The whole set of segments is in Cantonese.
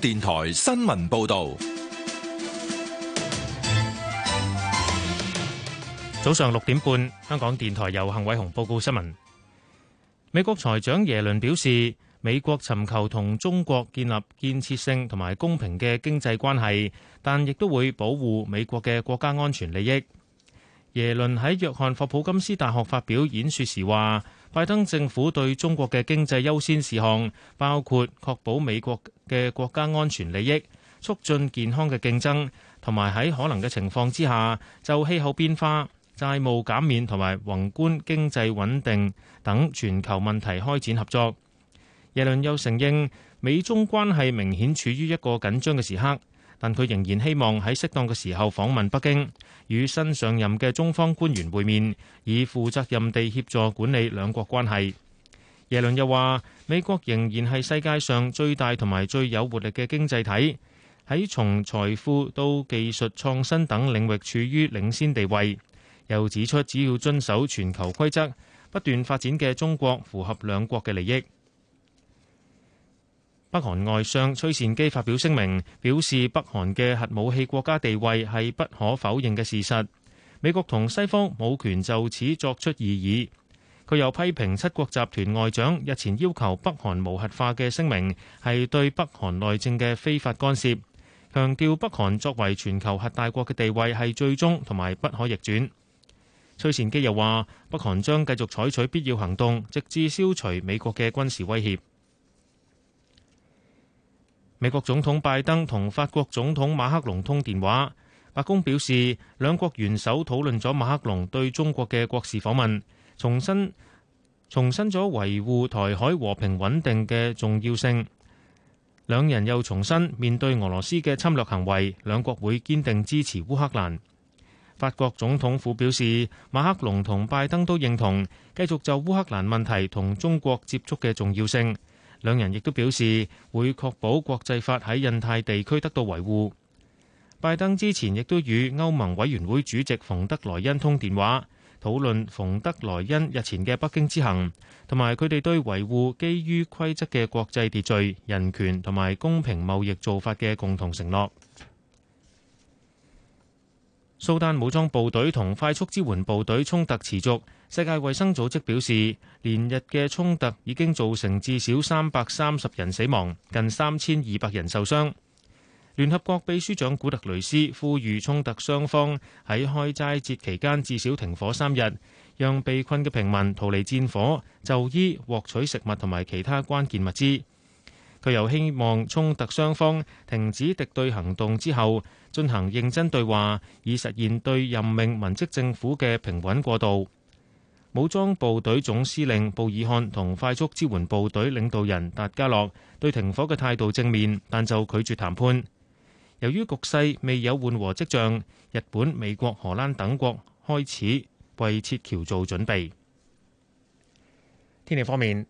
電台新聞報道，早上六點半，香港電台由幸偉雄報告新聞。美國財長耶倫表示，美國尋求同中國建立建設性同埋公平嘅經濟關係，但亦都會保護美國嘅國家安全利益。耶倫喺約翰霍普金斯大學發表演說時話。拜登政府對中國嘅經濟優先事項，包括確保美國嘅國家安全利益、促進健康嘅競爭，同埋喺可能嘅情況之下，就氣候變化、債務減免同埋宏觀經濟穩定等全球問題開展合作。耶倫又承認，美中關係明顯處於一個緊張嘅時刻。但佢仍然希望喺適當嘅時候訪問北京，與新上任嘅中方官員會面，以負責任地協助管理兩國關係。耶倫又話：美國仍然係世界上最大同埋最有活力嘅經濟體，喺從財富到技術創新等領域處於領先地位。又指出，只要遵守全球規則，不斷發展嘅中國符合兩國嘅利益。北韓外相崔善基發表聲明，表示北韓嘅核武器國家地位係不可否認嘅事實。美國同西方冇權就此作出異議。佢又批評七國集團外長日前要求北韓無核化嘅聲明係對北韓內政嘅非法干涉，強調北韓作為全球核大國嘅地位係最終同埋不可逆轉。崔善基又話：北韓將繼續採取必要行動，直至消除美國嘅軍事威脅。美國總統拜登同法國總統馬克龍通電話，白宮表示，兩國元首討論咗馬克龍對中國嘅國事訪問，重新重申咗維護台海和平穩定嘅重要性。兩人又重申面對俄羅斯嘅侵略行為，兩國會堅定支持烏克蘭。法國總統府表示，馬克龍同拜登都認同繼續就烏克蘭問題同中國接觸嘅重要性。兩人亦都表示會確保國際法喺印太地區得到維護，拜登之前亦都與歐盟委員會主席馮德萊恩通電話，討論馮德萊恩日前嘅北京之行，同埋佢哋對維護基於規則嘅國際秩序、人權同埋公平貿易做法嘅共同承諾。蘇丹武裝部隊同快速支援部隊衝突持續。世界衛生組織表示，連日嘅衝突已經造成至少三百三十人死亡，近三千二百人受傷。聯合國秘書長古特雷斯呼籲衝突雙方喺開齋節期間至少停火三日，讓被困嘅平民逃離戰火、就醫、獲取食物同埋其他關鍵物資。佢又希望衝突雙方停止敵對行動之後，進行認真對話，以實現對任命文職政府嘅平穩過渡。武裝部隊總司令布爾漢同快速支援部隊領導人達加洛對停火嘅態度正面，但就拒絕談判。由於局勢未有緩和跡象，日本、美國、荷蘭等國開始為撤僑做準備。天氣方面。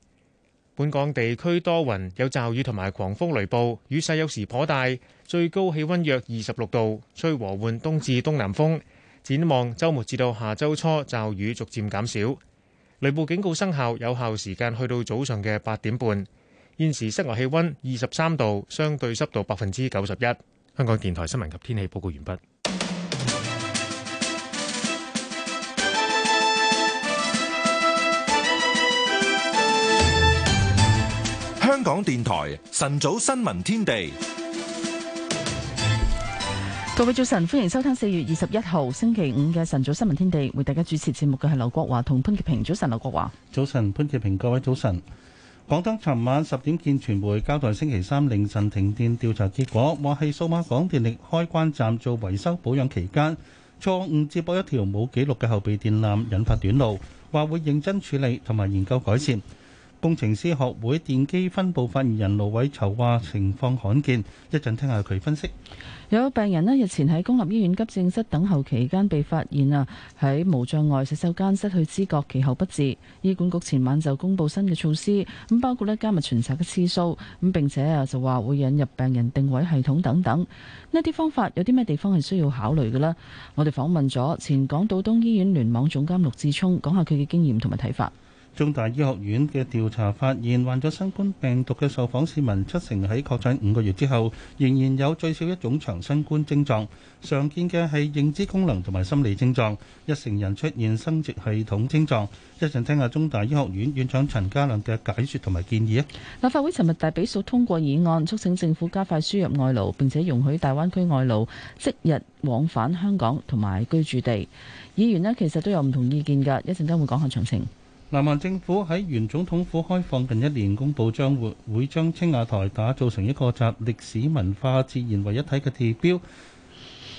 本港地區多雲，有驟雨同埋狂風雷暴，雨勢有時頗大，最高氣温約二十六度，吹和緩東至東南風。展望週末至到下周初，驟雨逐漸減少，雷暴警告生效，有效時間去到早上嘅八點半。現時室外氣温二十三度，相對濕度百分之九十一。香港電台新聞及天氣報告完畢。香港電台晨早新聞天地，各位早晨，歡迎收聽四月二十一號星期五嘅晨早新聞天地，為大家主持節目嘅係劉國華同潘潔平。早晨，劉國華，早晨，潘潔平，各位早晨。廣東尋晚十點見傳媒交代，星期三凌晨停電調查結果，話係數碼港電力開關站做維修保養期間，錯誤接駁一條冇記錄嘅後備電纜，引發短路，話會認真處理同埋研究改善。工程師學會電機分部發言人盧偉籌話：情況罕見，一陣聽下佢分析。有,有病人咧，日前喺公立醫院急症室等候期間，被發現啊喺無障礙洗手間失去知覺，其後不治。醫管局前晚就公布新嘅措施，咁包括咧加密巡查嘅次數，咁並且啊就話會引入病人定位系統等等。呢啲方法有啲咩地方係需要考慮嘅呢？我哋訪問咗前港島東醫院聯網總監陸志聰，講下佢嘅經驗同埋睇法。中大醫學院嘅調查發現，患咗新冠病毒嘅受訪市民七成喺確診五個月之後，仍然有最少一種長新冠症狀。常見嘅係認知功能同埋心理症狀，一成人出現生殖系統症狀。一陣聽下中大醫學院院長陳家亮嘅解説同埋建議啊。立法會尋日大比數通過議案，促請政府加快輸入外勞，並且容許大灣區外勞即日往返香港同埋居住地。議員呢其實都有唔同意見㗎，一陣間會講下詳情。南韓政府喺原總統府開放近一年公布將，公佈將會將青瓦台打造成一個集歷史文化、自然為一體嘅地標。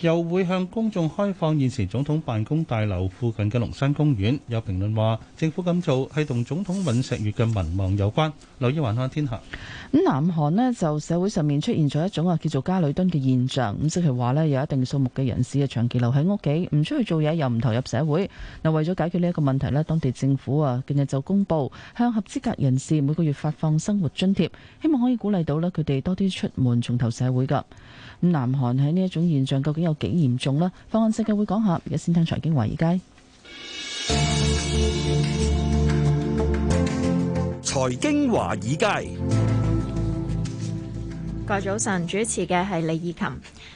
又會向公眾開放現時總統辦公大樓附近嘅龍山公園。有評論話，政府咁做係同總統尹錫悅嘅民望有關。留意環看天下。咁南韓呢就社會上面出現咗一種啊叫做家裏蹲嘅現象。咁即係話呢，有一定數目嘅人士啊長期留喺屋企，唔出去做嘢，又唔投入社會。嗱，為咗解決呢一個問題咧，當地政府啊近日就公布向合資格人士每個月發放生活津貼，希望可以鼓勵到咧佢哋多啲出門重投社會㗎。咁南韓喺呢一種現象究竟有幾嚴重啦？方案生就會講下，而家先聽財經華爾街。財經華爾街。個早晨主持嘅係李以琴。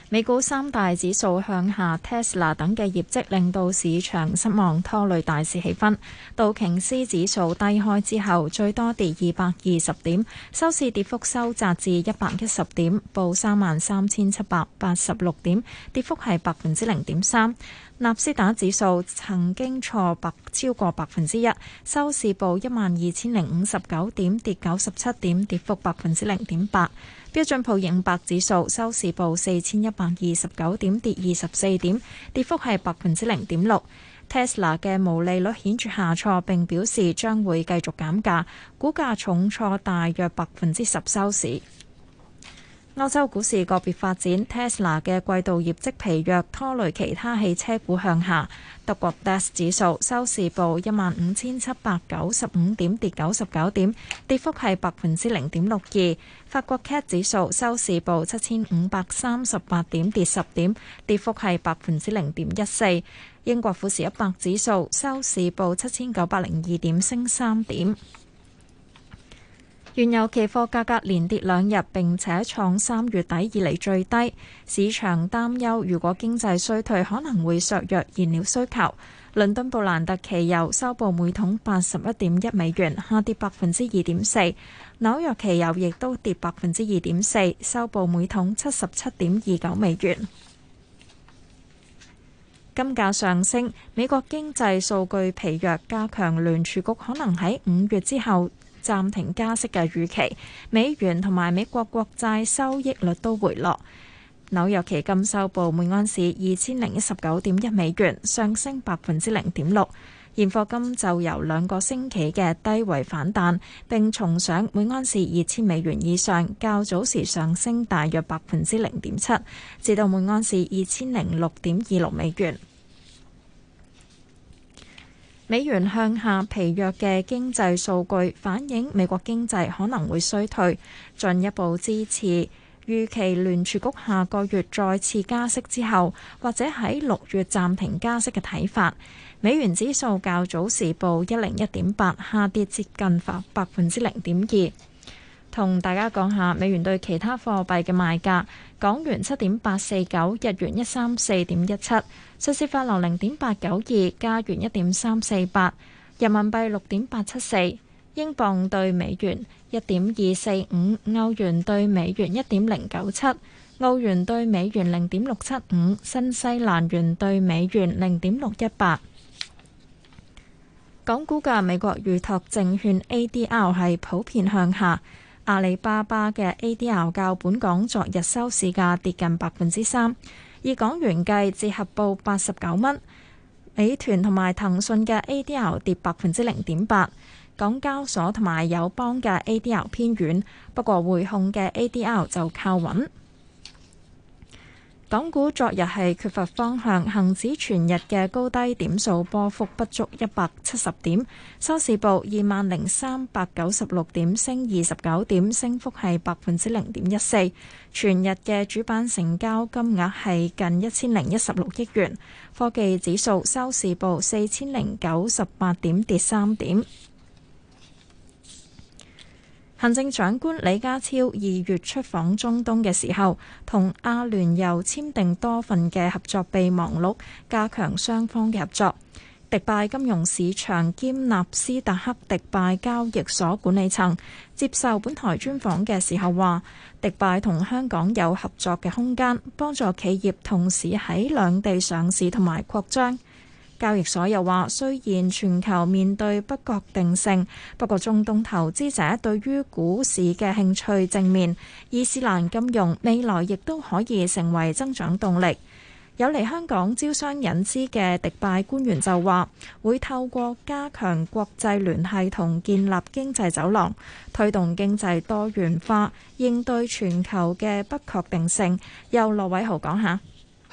美股三大指數向下，Tesla 等嘅業績令到市場失望，拖累大市氣氛。道瓊斯指數低開之後最多跌二百二十點，收市跌幅收窄至一百一十點，報三萬三千七百八十六點，跌幅係百分之零點三。納斯達指數曾經挫百超過百分之一，收市報一萬二千零五十九點，跌九十七點，跌幅百分之零點八。標準普爾五百指數收市報四千一百二十九點，跌二十四點，跌幅係百分之零點六。Tesla 嘅毛利率顯著下挫，並表示將會繼續減價，股價重挫大約百分之十收市。歐洲股市個別發展，Tesla 嘅季度業績疲弱拖累其他汽車股向下。德國 DAX 指數收市報一萬五千七百九十五點，跌九十九點，跌幅係百分之零點六二。法國 CAC 指數收市報七千五百三十八點，跌十點，跌幅係百分之零點一四。英國富時一百指數收市報七千九百零二點，升三點。原油期貨價格連跌兩日，並且創三月底以嚟最低。市場擔憂如果經濟衰退，可能會削弱燃料需求。倫敦布蘭特期油收報每桶八十一點一美元，下跌百分之二點四。紐約期油亦都跌百分之二點四，收報每桶七十七點二九美元。金價上升，美國經濟數據疲弱，加強聯儲局可能喺五月之後暫停加息嘅預期，美元同埋美國國債收益率都回落。紐約期金收報每安士二千零一十九點一美元，上升百分之零點六。現貨金就由兩個星期嘅低位反彈，並重上每安士二千美元以上，較早時上升大約百分之零點七，至到每安士二千零六點二六美元。美元向下，疲弱嘅經濟數據反映美國經濟可能會衰退，進一步支持預期聯儲局下個月再次加息之後，或者喺六月暫停加息嘅睇法。美元指數較早時報一零一點八，下跌接近百分之零點二。同大家講下美元對其他貨幣嘅賣價，港元七點八四九，日元一三四點一七。瑞士法郎零點八九二，加元一點三四八，人民幣六點八七四，英鎊兌美元一點二四五，歐元兌美元一點零九七，澳元兌美元零點六七五，新西蘭元兌美元零點六一八。港股嘅美國預託證券 ADR 係普遍向下，阿里巴巴嘅 ADR 較本港昨日收市價跌近百分之三。以港元計，折合報八十九蚊。美團同埋騰訊嘅 ADR 跌百分之零點八。港交所同埋友邦嘅 ADR 偏軟，不過匯控嘅 ADR 就靠穩。港股昨日係缺乏方向，恒指全日嘅高低點數波幅不足一百七十點，收市報二萬零三百九十六點，升二十九點，升幅係百分之零點一四。全日嘅主板成交金額係近一千零一十六億元。科技指數收市報四千零九十八點，跌三點。行政長官李家超二月出訪中東嘅時候，同阿聯酋簽訂多份嘅合作備忘錄，加強雙方嘅合作。迪拜金融市場兼納斯達克迪拜交易所管理層接受本台專訪嘅時候話，迪拜同香港有合作嘅空間，幫助企業同時喺兩地上市同埋擴張。交易所又話，雖然全球面對不確定性，不過中東投資者對於股市嘅興趣正面，伊斯蘭金融未來亦都可以成為增長動力。有嚟香港招商引資嘅迪拜官員就話，會透過加強國際聯繫同建立經濟走廊，推動經濟多元化，應對全球嘅不確定性。由羅偉豪講下。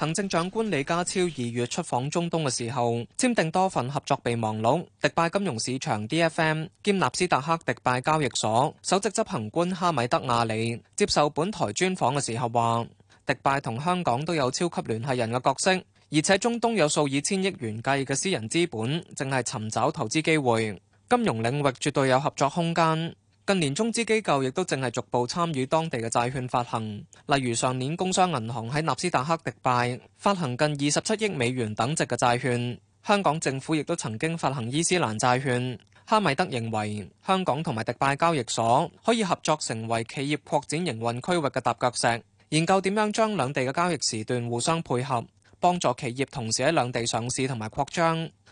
行政長官李家超二月出訪中東嘅時候，簽訂多份合作備忘錄。迪拜金融市場 DFM 兼納斯達克迪拜交易所首席執行官哈米德亞里接受本台專訪嘅時候話：迪拜同香港都有超級聯繫人嘅角色，而且中東有數以千億元計嘅私人資本，正係尋找投資機會，金融領域絕對有合作空間。近年，中資機構亦都正係逐步參與當地嘅債券發行，例如上年工商銀行喺納斯達克迪拜發行近二十七億美元等值嘅債券。香港政府亦都曾經發行伊斯蘭債券。哈米德認為，香港同埋迪拜交易所可以合作成為企業擴展營運區域嘅踏腳石，研究點樣將兩地嘅交易時段互相配合，幫助企業同時喺兩地上市同埋擴張。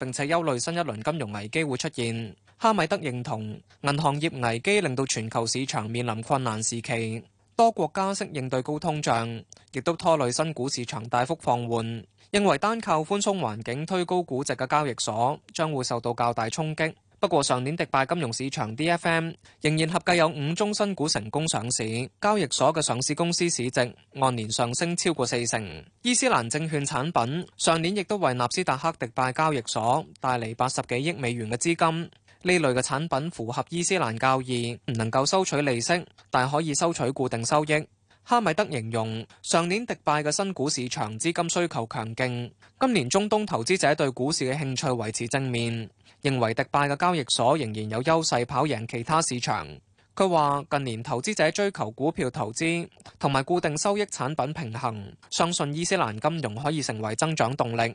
並且憂慮新一輪金融危機會出現。哈米德認同，銀行業危機令到全球市場面臨困難時期，多國加息應對高通脹，亦都拖累新股市場大幅放緩。認為單靠寬鬆環境推高估值嘅交易所，將會受到較大衝擊。不過上年迪拜金融市場 DFM 仍然合計有五宗新股成功上市，交易所嘅上市公司市值按年上升超過四成。伊斯蘭證券產品上年亦都為納斯達克迪拜交易所帶嚟八十幾億美元嘅資金。呢類嘅產品符合伊斯蘭教義，唔能夠收取利息，但可以收取固定收益。哈米德形容上年迪拜嘅新股市場資金需求強勁，今年中東投資者對股市嘅興趣維持正面。認為迪拜嘅交易所仍然有優勢跑贏其他市場。佢話近年投資者追求股票投資同埋固定收益產品平衡，相信伊斯蘭金融可以成為增長動力。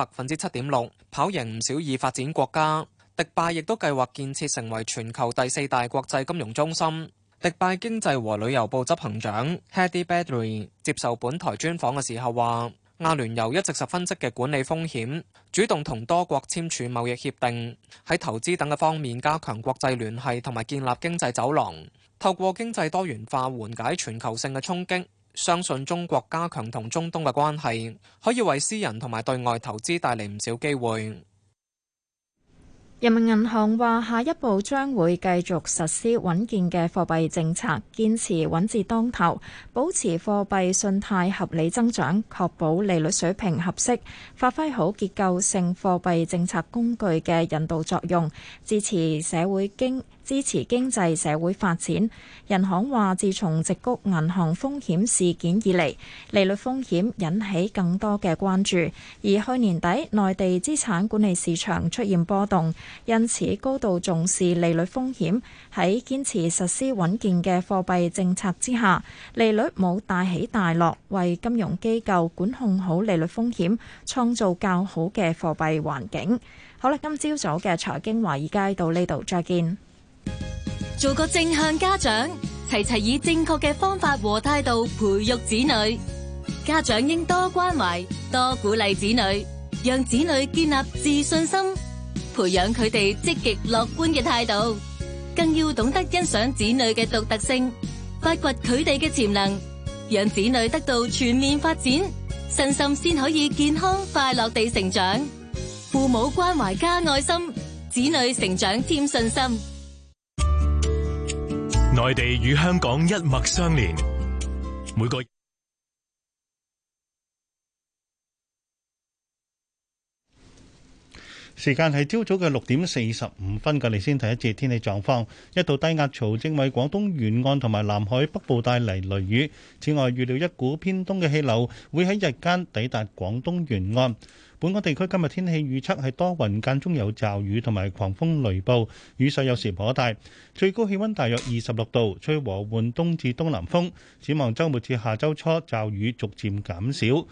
百分之七點六，6，跑贏唔少已發展國家。迪拜亦都計劃建設成為全球第四大國際金融中心。迪拜經濟和旅遊部執行長 Hadi Badri 接受本台專訪嘅時候話：阿聯酋一直十分積極管理風險，主動同多國簽署貿易協定，喺投資等嘅方面加強國際聯繫同埋建立經濟走廊，透過經濟多元化緩解全球性嘅衝擊。相信中國加強同中東嘅關係，可以為私人同埋對外投資帶嚟唔少機會。人民銀行話：下一步將會繼續實施穩健嘅貨幣政策，堅持穩字當頭，保持貨幣信貸合理增長，確保利率水平合適，發揮好結構性貨幣政策工具嘅引導作用，支持社會經。支持經濟社會發展。人行話自從矽谷銀行風險事件以嚟，利率風險引起更多嘅關注。而去年底，內地資產管理市場出現波動，因此高度重視利率風險，喺堅持實施穩健嘅貨幣政策之下，利率冇大起大落，為金融機構管控好利率風險創造較好嘅貨幣環境。好啦，今朝早嘅財經華爾街到呢度，再見。做個正向家長，齊齊以正確嘅方法和態度培育子女。家長應多關懷，多鼓勵子女，讓子女建立自信心，培養佢哋積極樂觀嘅態度，更要懂得欣賞子女嘅獨特性，發掘佢哋嘅潛能，讓子女得到全面發展，信心先可以健康快樂地成長。父母關懷加愛心，子女成長添信心。內地與香港一脈相連，每個時間係朝早嘅六點四十五分，我哋先睇一次天氣狀況。一道低壓槽正為廣東沿岸同埋南海北部帶嚟雷雨，此外預料一股偏東嘅氣流會喺日間抵達廣東沿岸。本港地區今日天氣預測係多雲間中有驟雨同埋狂風雷暴，雨勢有時頗大，最高氣温大約二十六度，吹和緩東至東南風。展望週末至下週初，驟雨逐漸減少。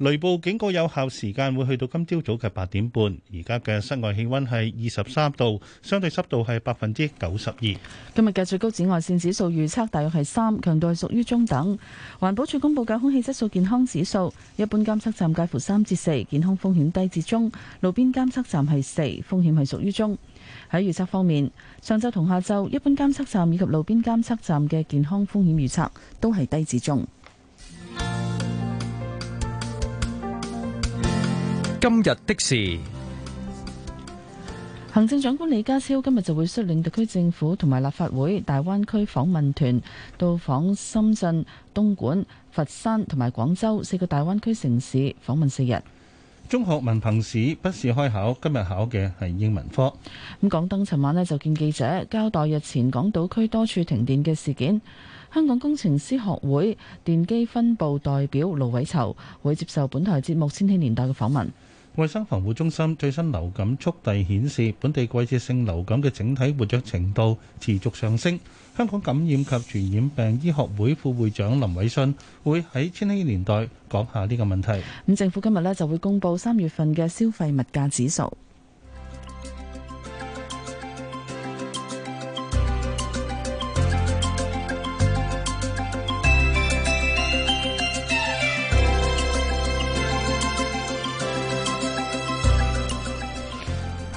雷暴警告有效時間會去到今朝早嘅八點半。而家嘅室外氣溫係二十三度，相對濕度係百分之九十二。今日嘅最高紫外線指數預測大約係三，強度係屬於中等。環保署公布嘅空氣質素健康指數，一般監測站介乎三至四，健康風險低至中；路邊監測站係四，風險係屬於中。喺預測方面，上晝同下晝，一般監測站以及路邊監測站嘅健康風險預測都係低至中。今日的事，行政長官李家超今日就會率領特區政府同埋立法會大灣區訪問團到訪深圳、東莞、佛山同埋廣州四個大灣區城市訪問四日。中學文憑試筆試開考，今日考嘅係英文科。咁，港燈尋晚咧就見記者交代日前港島區多處停電嘅事件。香港工程師學會電機分部代表盧偉籌會接受本台節目《千禧年代》嘅訪問。衛生防護中心最新流感速遞顯示，本地季節性流感嘅整體活躍程度持續上升。香港感染及傳染病醫學會副會長林偉信會喺千禧年代講下呢個問題。咁政府今日呢就會公布三月份嘅消費物價指數。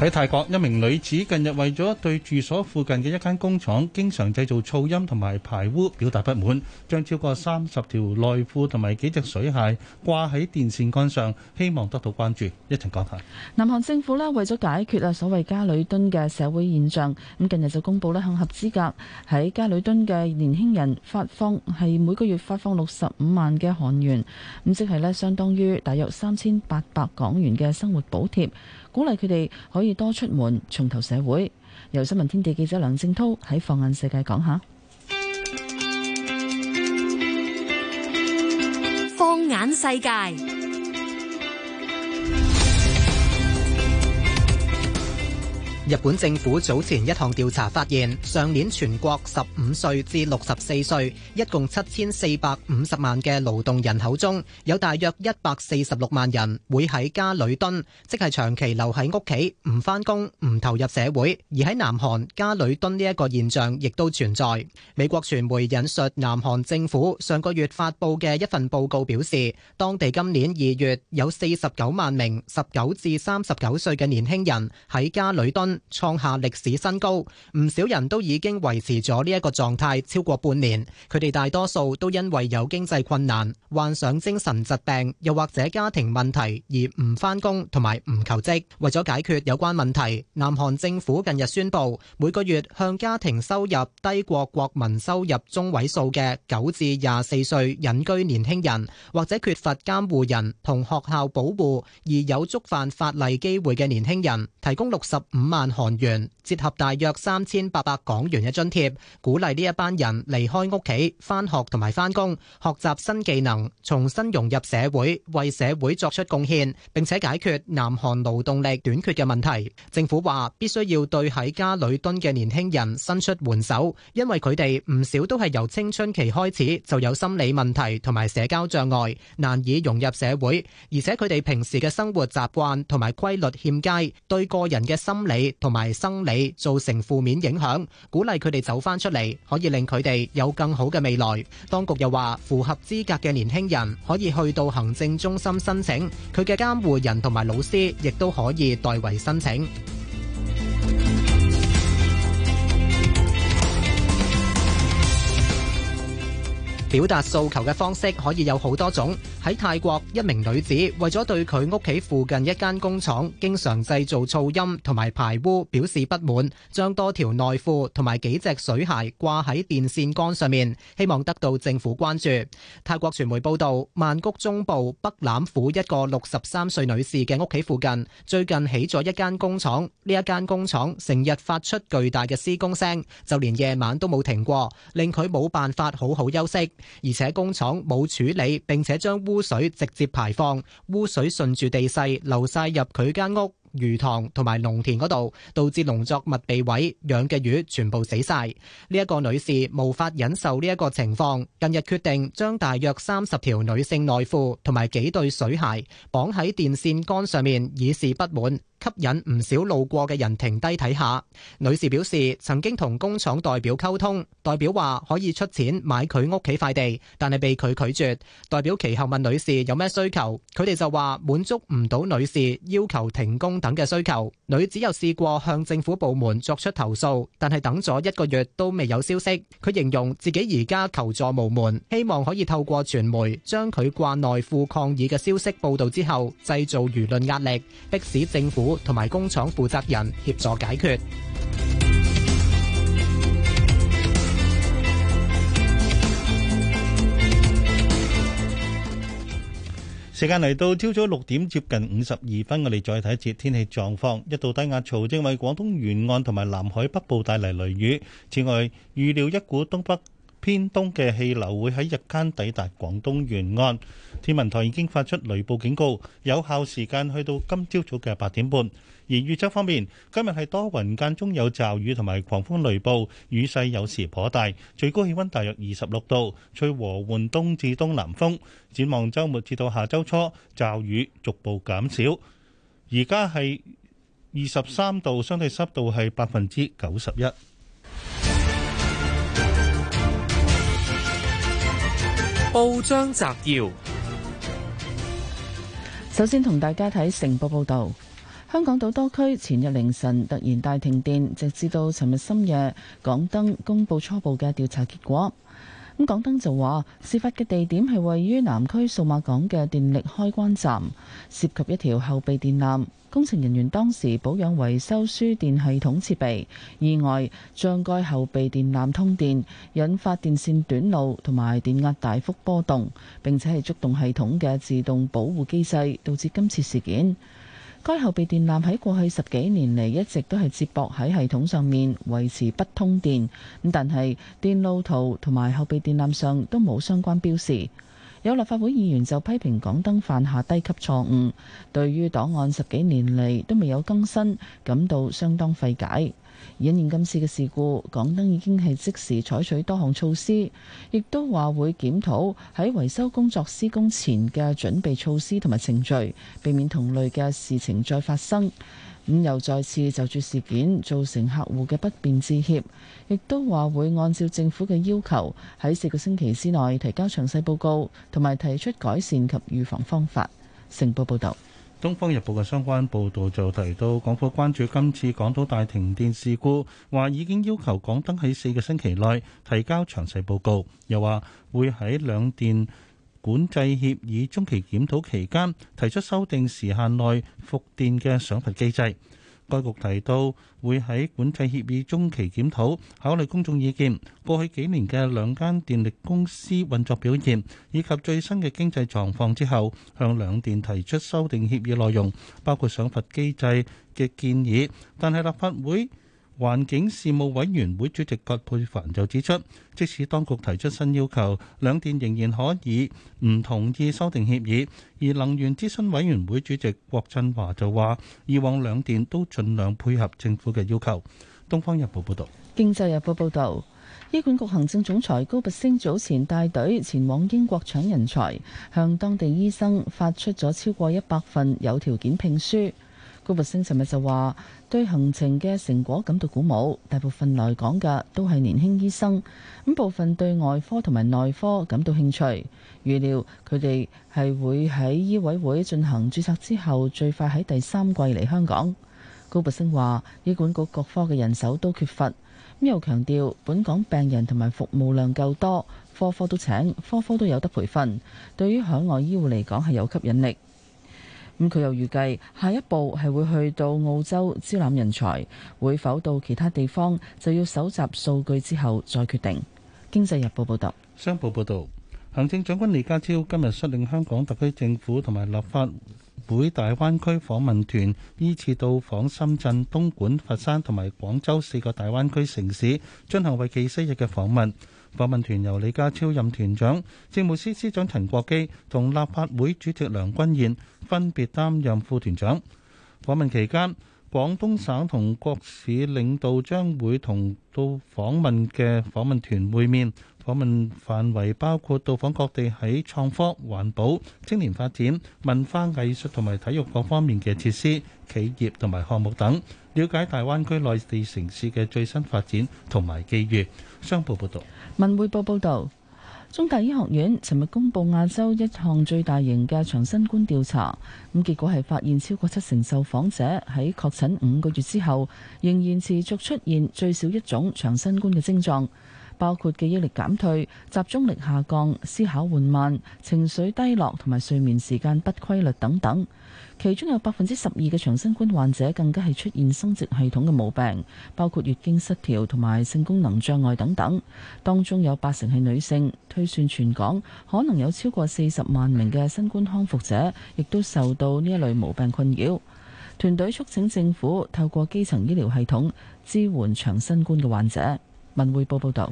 喺泰國，一名女子近日為咗對住所附近嘅一間工廠經常製造噪音同埋排污表達不滿，將超過三十條內褲同埋幾隻水鞋掛喺電線桿上，希望得到關注。一陣講下。南韓政府咧為咗解決啊所謂家裏蹲嘅社會現象，咁近日就公布咧肯合資格喺家裏蹲嘅年輕人發放係每個月發放六十五萬嘅韓元，咁即係咧相當於大約三千八百港元嘅生活補貼。鼓勵佢哋可以多出門，重投社會。由新聞天地記者梁正濤喺放眼世界講下，放眼世界。日本政府早前一項調查發現，上年全國十五歲至六十四歲，一共七千四百五十萬嘅勞動人口中，有大約一百四十六萬人會喺家裏蹲，即係長期留喺屋企，唔翻工，唔投入社會。而喺南韓，家裏蹲呢一個現象亦都存在。美國傳媒引述南韓政府上個月發布嘅一份報告表示，當地今年二月有四十九萬名十九至三十九歲嘅年輕人喺家裏蹲，創下歷史新高，唔少人都已經維持咗呢一個狀態超過半年。佢哋大多數都因為有經濟困難、患上精神疾病，又或者家庭問題而唔翻工同埋唔求職。為咗解決有關問題，南韓政府近日宣布，每個月向家庭收入低過國民收入中位數嘅九至廿四歲隱居年輕人，或者缺乏監護人同學校保護而有觸犯法例機會嘅年輕人，提供六十五萬。萬韓元折合大約三千八百港元嘅津貼，鼓勵呢一班人離開屋企返學同埋返工，學習新技能，重新融入社會，為社會作出貢獻，並且解決南韓勞動力短缺嘅問題。政府話必須要對喺家裏蹲嘅年輕人伸出援手，因為佢哋唔少都係由青春期開始就有心理問題同埋社交障礙，難以融入社會，而且佢哋平時嘅生活習慣同埋規律欠佳，對個人嘅心理。同埋生理造成負面影響，鼓勵佢哋走返出嚟，可以令佢哋有更好嘅未來。當局又話，符合資格嘅年輕人可以去到行政中心申請，佢嘅監護人同埋老師亦都可以代為申請。表達訴求嘅方式可以有好多種。喺泰國，一名女子為咗對佢屋企附近一間工廠經常製造噪音同埋排污表示不滿，將多條內褲同埋幾隻水鞋掛喺電線杆上面，希望得到政府關注。泰國傳媒報道，曼谷中部北欖府一個六十三歲女士嘅屋企附近最近起咗一間工廠，呢一間工廠成日發出巨大嘅施工聲，就連夜晚都冇停過，令佢冇辦法好好休息。而且工廠冇處理，並且將污水直接排放，污水順住地勢流晒入佢間屋、魚塘同埋農田嗰度，導致農作物被毀，養嘅魚全部死晒。呢一個女士無法忍受呢一個情況，近日決定將大約三十條女性內褲同埋幾對水鞋綁喺電線桿上面，以示不滿。吸引唔少路過嘅人停低睇下。女士表示，曾經同工廠代表溝通，代表話可以出錢買佢屋企塊地，但係被佢拒絕。代表其後問女士有咩需求，佢哋就話滿足唔到女士要求停工等嘅需求。女子又試過向政府部門作出投訴，但係等咗一個月都未有消息。佢形容自己而家求助無門，希望可以透過傳媒將佢掛內褲抗議嘅消息報導之後，製造輿論壓力，迫使政府，同埋工廠負責人協助解決。時間嚟到朝早六點接近五十二分，我哋再睇一節天氣狀況。一道低壓槽正為廣東沿岸同埋南海北部帶嚟雷雨。此外，預料一股東北。偏東嘅氣流會喺日間抵達廣東沿岸，天文台已經發出雷暴警告，有效時間去到今朝早嘅八點半。而預測方面，今日係多雲間中有驟雨同埋狂風雷暴，雨勢有時頗大，最高氣溫大約二十六度，吹和緩東至東南風。展望週末至到下週初，驟雨逐步減少。而家係二十三度，相對濕度係百分之九十一。報章摘要，首先同大家睇成報報道，香港島多區前日凌晨突然大停電，直至到尋日深夜，港燈公布初步嘅調查結果。咁港燈就話，事發嘅地點係位於南區數碼港嘅電力開關站，涉及一條後備電纜。工程人員當時保養維修輸電系統設備，意外將該後備電纜通電，引發電線短路同埋電壓大幅波動，並且係觸動系統嘅自動保護機制，導致今次事件。該後備電纜喺過去十幾年嚟，一直都係接駁喺系統上面維持不通電，咁但係電路圖同埋後備電纜上都冇相關標示，有立法會議員就批評港燈犯下低級錯誤，對於檔案十幾年嚟都未有更新感到相當費解。因應今次嘅事故，港燈已經係即時採取多項措施，亦都話會檢討喺維修工作施工前嘅準備措施同埋程序，避免同類嘅事情再發生。咁又再次就住事件造成客戶嘅不便致歉，亦都話會按照政府嘅要求，喺四個星期之內提交詳細報告，同埋提出改善及預防方法。成報報道。《東方日報》嘅相關報導就提到，港府關注今次港島大停電事故，話已經要求港燈喺四個星期內提交詳細報告，又話會喺兩電管制協議中期檢討期間提出修訂時限內復電嘅賞罰機制。該局提到，會喺管制協議中期檢討，考慮公眾意見、過去幾年嘅兩間電力公司運作表現以及最新嘅經濟狀況之後，向兩電提出修訂協議內容，包括賞罰機制嘅建議。但係立法會環境事務委員會主席葛珮帆就指出，即使當局提出新要求，兩電仍然可以唔同意修訂協議。而能源諮詢委員會主席郭振華就話，以往兩電都盡量配合政府嘅要求。《東方日報》報道。《經濟日報》報道，醫管局行政總裁高拔陞早前帶隊前往英國搶人才，向當地醫生發出咗超過一百份有條件聘書。高拔陞尋日就話對行程嘅成果感到鼓舞，大部分來港嘅都係年輕醫生，咁部分對外科同埋內科感到興趣。預料佢哋係會喺醫委會進行注冊之後，最快喺第三季嚟香港。高拔陞話醫管局各科嘅人手都缺乏，又強調本港病人同埋服務量夠多，科科都請，科科都有得培訓，對於海外醫護嚟講係有吸引力。咁佢又預計下一步係會去到澳洲招攬人才，會否到其他地方就要蒐集數據之後再決定。經濟日報報導，商報報導，行政長官李家超今日率領香港特區政府同埋立法會大灣區訪問團，依次到訪深圳、東莞、佛山同埋廣州四個大灣區城市，進行為期四日嘅訪問。訪問團由李家超任團長，政務司司長陳國基同立法會主席梁君彥分別擔任副團長。訪問期間，廣東省同各市領導將會同到訪問嘅訪問團會面。訪問範圍包括到訪各地喺創科、環保、青年發展、文化藝術同埋體育各方面嘅設施、企業同埋項目等，瞭解大灣區內地城市嘅最新發展同埋機遇。商報報導，文匯報報導，中大醫學院尋日公布亞洲一項最大型嘅長新冠調查，咁結果係發現超過七成受訪者喺確診五個月之後，仍然持續出現最少一種長新冠嘅症狀。包括記憶力減退、集中力下降、思考緩慢、情緒低落同埋睡眠時間不規律等等。其中有百分之十二嘅長新冠患者更加係出現生殖系統嘅毛病，包括月經失調同埋性功能障礙等等。當中有八成係女性。推算全港可能有超過四十萬名嘅新冠康復者，亦都受到呢一類毛病困擾。團隊促請政府透過基層醫療系統支援長新冠嘅患者。文匯報報道。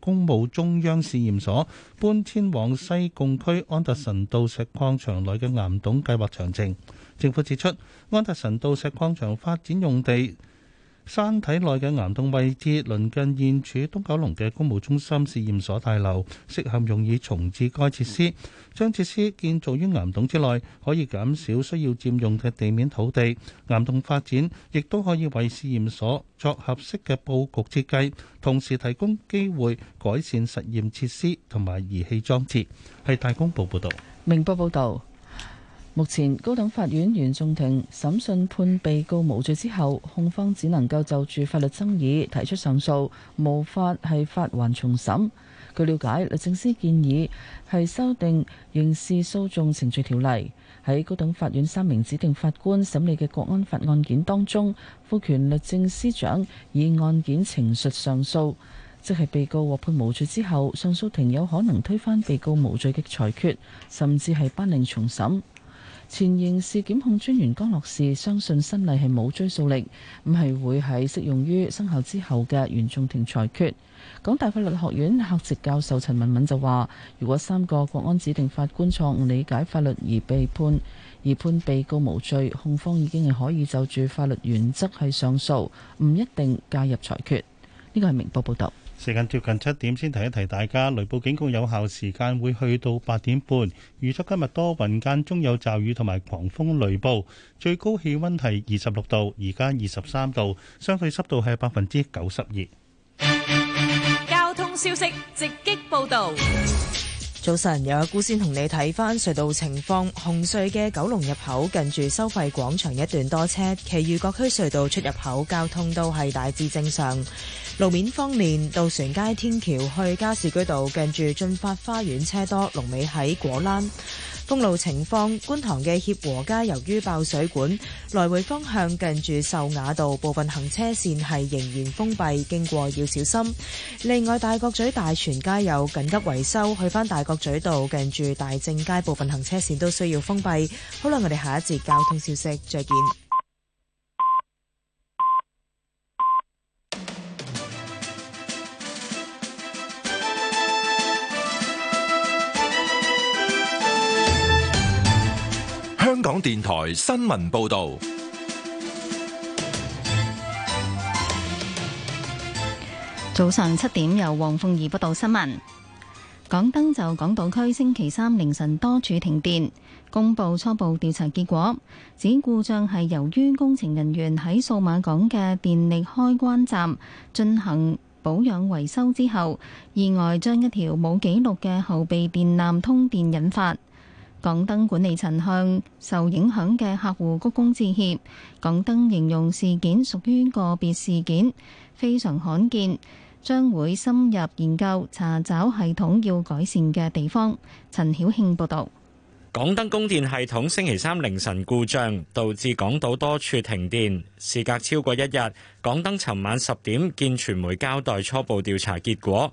公務中央試驗所搬遷往西貢區安達臣道石礦場內嘅岩洞計劃詳情，政府指出安達臣道石礦場發展用地。山體內嘅岩洞位置鄰近現處東九龍嘅公務中心試驗所大樓，適合用以重置該設施。將設施建造於岩洞之內，可以減少需要佔用嘅地面土地。岩洞發展亦都可以為試驗所作合適嘅佈局設計，同時提供機會改善實驗設施同埋儀器裝置。係大公報報導，明報報導。目前高等法院原訟庭審訊判被告無罪之後，控方只能夠就住法律爭議提出上訴，無法係發還重審。據了解，律政司建議係修訂刑事訴訟程序條例。喺高等法院三名指定法官審理嘅國安法案件當中，賦權律政司長以案件呈述上訴，即係被告獲判無罪之後，上訴庭有可能推翻被告無罪嘅裁決，甚至係頒令重審。前刑事檢控專員江樂士相信新例係冇追溯力，咁係會喺適用於生效之後嘅原訟庭裁決。港大法律學院客席教授陳文敏就話，如果三個國安指定法官錯誤理解法律而被判，而判被告無罪，控方已經係可以就住法律原則係上訴，唔一定介入裁決。呢個係明報報導。時間接近七點，先提一提大家雷暴警告有效時間會去到八點半。預測今日多雲間中有驟雨同埋狂風雷暴，最高氣溫係二十六度，而家二十三度，相對濕度係百分之九十二。交通消息直擊報導，早晨有阿姑先同你睇翻隧道情況。紅隧嘅九龍入口近住收費廣場一段多車，其餘各區隧道出入口交通都係大致正常。路面方面，渡船街天橋去加士居道近住駿發花園車多，龍尾喺果欄。封路情況，觀塘嘅協和街由於爆水管，來回方向近住秀雅道部分行車線係仍然封閉，經過要小心。另外，大角咀大全街有緊急維修，去返大角咀道近住大正街部分行車線都需要封閉。好啦，我哋下一節交通消息，再見。香港電台新聞報道，早上七點由黃鳳儀報道新聞。港燈就港島區星期三凌晨多處停電，公布初步調查結果，指故障係由於工程人員喺數碼港嘅電力開關站進行保養維修之後，意外將一條冇記錄嘅後備電纜通電引發。港燈管理層向受影響嘅客戶鞠躬致歉。港燈形容事件屬於個別事件，非常罕見，將會深入研究查找系統要改善嘅地方。陳曉慶報導，港燈供電系統星期三凌晨故障，導致港島多處停電，事隔超過一日，港燈尋晚十點見傳媒交代初步調查結果。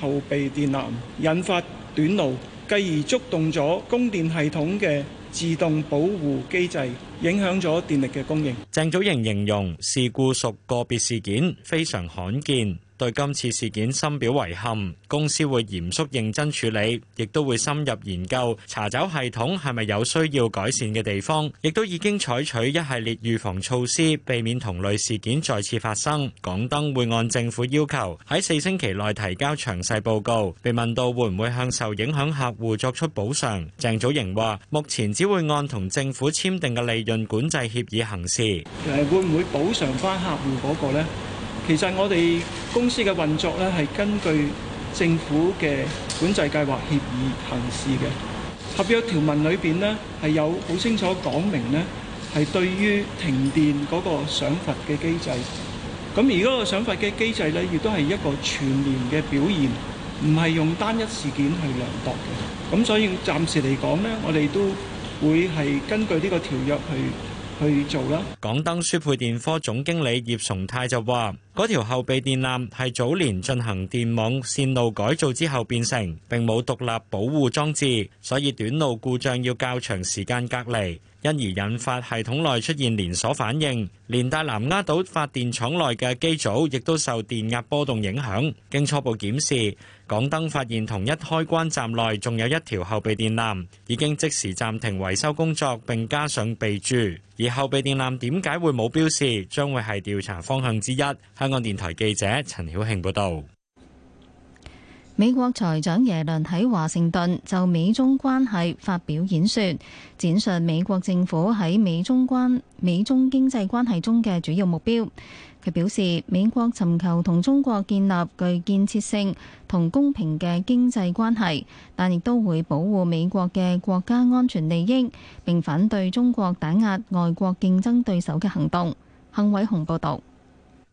後備電纜引發短路，繼而觸動咗供電系統嘅自動保護機制，影響咗電力嘅供應。鄭祖瑩形容事故屬個別事件，非常罕見。對今次事件深表遺憾，公司會嚴肅認真處理，亦都會深入研究查找系統係咪有需要改善嘅地方，亦都已經採取一系列預防措施，避免同類事件再次發生。港燈會按政府要求喺四星期內提交詳細報告。被問到會唔會向受影響客戶作出補償，鄭祖瑩話：目前只會按同政府簽訂嘅利潤管制協議行事。誒，會唔會補償返客戶嗰個呢？其實我哋公司嘅運作咧，係根據政府嘅管制計劃協議行事嘅，合約條文裏邊咧，係有好清楚講明咧，係對於停電嗰個賞罰嘅機制。咁而嗰個賞罰嘅機制咧，亦都係一個全年嘅表現，唔係用單一事件去量度嘅。咁所以暫時嚟講咧，我哋都會係根據呢個條約去去做啦。港燈輸配電科總經理葉崇泰就話。嗰條後備電纜係早年進行電網線路改造之後變成，並冇獨立保護裝置，所以短路故障要較長時間隔離，因而引發系統內出現連鎖反應，連帶南丫島發電廠內嘅機組亦都受電壓波動影響。經初步檢視，港燈發現同一開關站內仲有一條後備電纜，已經即時暫停維修工作並加上備註。而後備電纜點解會冇標示，將會係調查方向之一。香港電台記者陳曉慶報道：美國財長耶倫喺華盛頓就美中關係發表演說，展述美國政府喺美中關、美中經濟關係中嘅主要目標。佢表示，美國尋求同中國建立具建設性同公平嘅經濟關係，但亦都會保護美國嘅國家安全利益，並反對中國打壓外國競爭對手嘅行動。幸偉雄報道。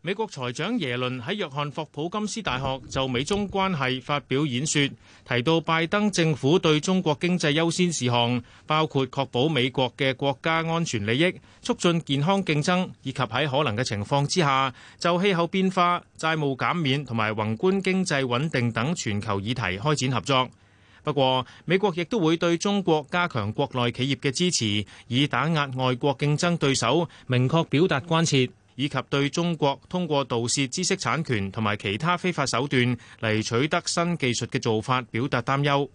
美國財長耶倫喺約翰霍普金斯大學就美中關係發表演說，提到拜登政府對中國經濟優先事項包括確保美國嘅國家安全利益、促進健康競爭，以及喺可能嘅情況之下就氣候變化、債務減免同埋宏觀經濟穩定等全球議題開展合作。不過，美國亦都會對中國加強國內企業嘅支持，以打壓外國競爭對手，明確表達關切。以及對中國通過盜竊知識產權同埋其他非法手段嚟取得新技術嘅做法表達擔憂。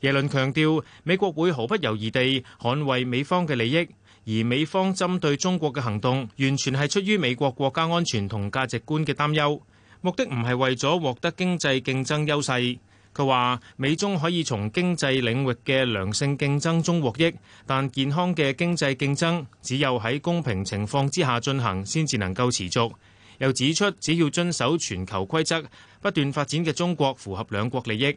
耶倫強調，美國會毫不猶豫地捍衛美方嘅利益，而美方針對中國嘅行動完全係出於美國國家安全同價值觀嘅擔憂，目的唔係為咗獲得經濟競爭優勢。佢話：美中可以從經濟領域嘅良性競爭中獲益，但健康嘅經濟競爭只有喺公平情況之下進行先至能夠持續。又指出，只要遵守全球規則，不斷發展嘅中國符合兩國利益。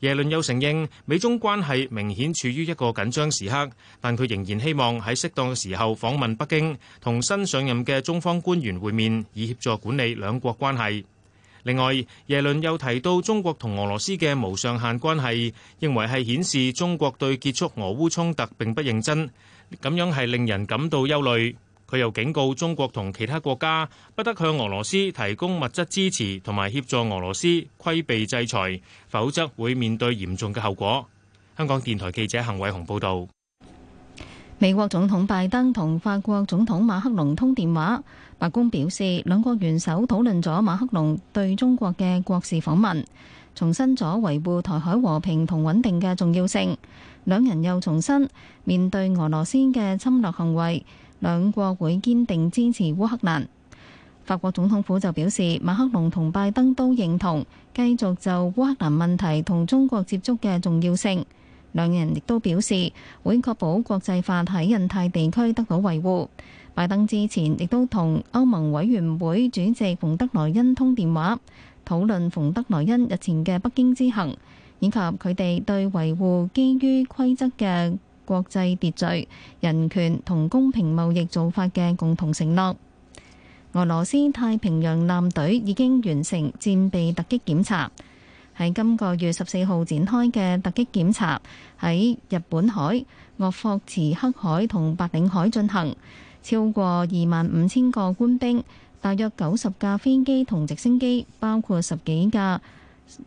耶倫又承認，美中關係明顯處於一個緊張時刻，但佢仍然希望喺適當嘅時候訪問北京，同新上任嘅中方官員會面，以協助管理兩國關係。另外，耶倫又提到中國同俄羅斯嘅無上限關係，認為係顯示中國對結束俄烏衝突並不認真，咁樣，係令人感到憂慮，佢又警告中國同其他國家不得向俄羅斯提供物質支持同埋協助俄羅斯規避制裁，否則會面對嚴重嘅後果。香港電台記者幸偉雄報道。美國總統拜登同法國總統馬克龍通電話。白宮表示，兩國元首討論咗馬克龍對中國嘅國事訪問，重申咗維護台海和平同穩定嘅重要性。兩人又重申，面對俄羅斯嘅侵略行為，兩國會堅定支持烏克蘭。法國總統府就表示，馬克龍同拜登都認同繼續就烏克蘭問題同中國接觸嘅重要性。兩人亦都表示，會確保國際法喺印太地區得到維護。拜登之前亦都同歐盟委員會主席馮德萊恩通電話，討論馮德萊恩日前嘅北京之行，以及佢哋對維護基於規則嘅國際秩序、人權同公平貿易做法嘅共同承諾。俄羅斯太平洋艦隊已經完成戰備突擊檢查，喺今個月十四號展開嘅突擊檢查喺日本海、鄂霍茨克海同白令海進行。超過二萬五千個官兵，大約九十架飛機同直升機，包括十幾架、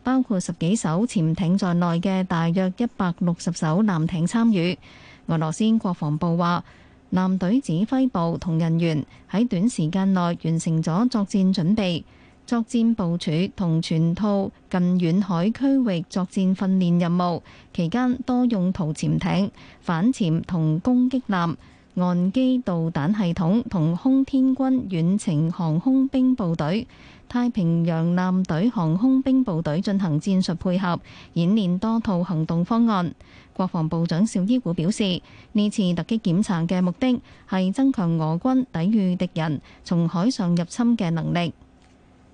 包括十幾艘潛艇在內嘅大約一百六十艘艦艇參與。俄羅斯國防部話，艦隊指揮部同人員喺短時間內完成咗作戰準備、作戰部署同全套近遠海區域作戰訓練任務，期間多用途潛艇、反潛同攻擊艦，岸基導彈系統同空天軍遠程航空兵部隊、太平洋艦隊航空兵部隊進行戰術配合演練多套行動方案。國防部長紹伊古表示，呢次突擊檢查嘅目的係增強俄軍抵禦敵人從海上入侵嘅能力。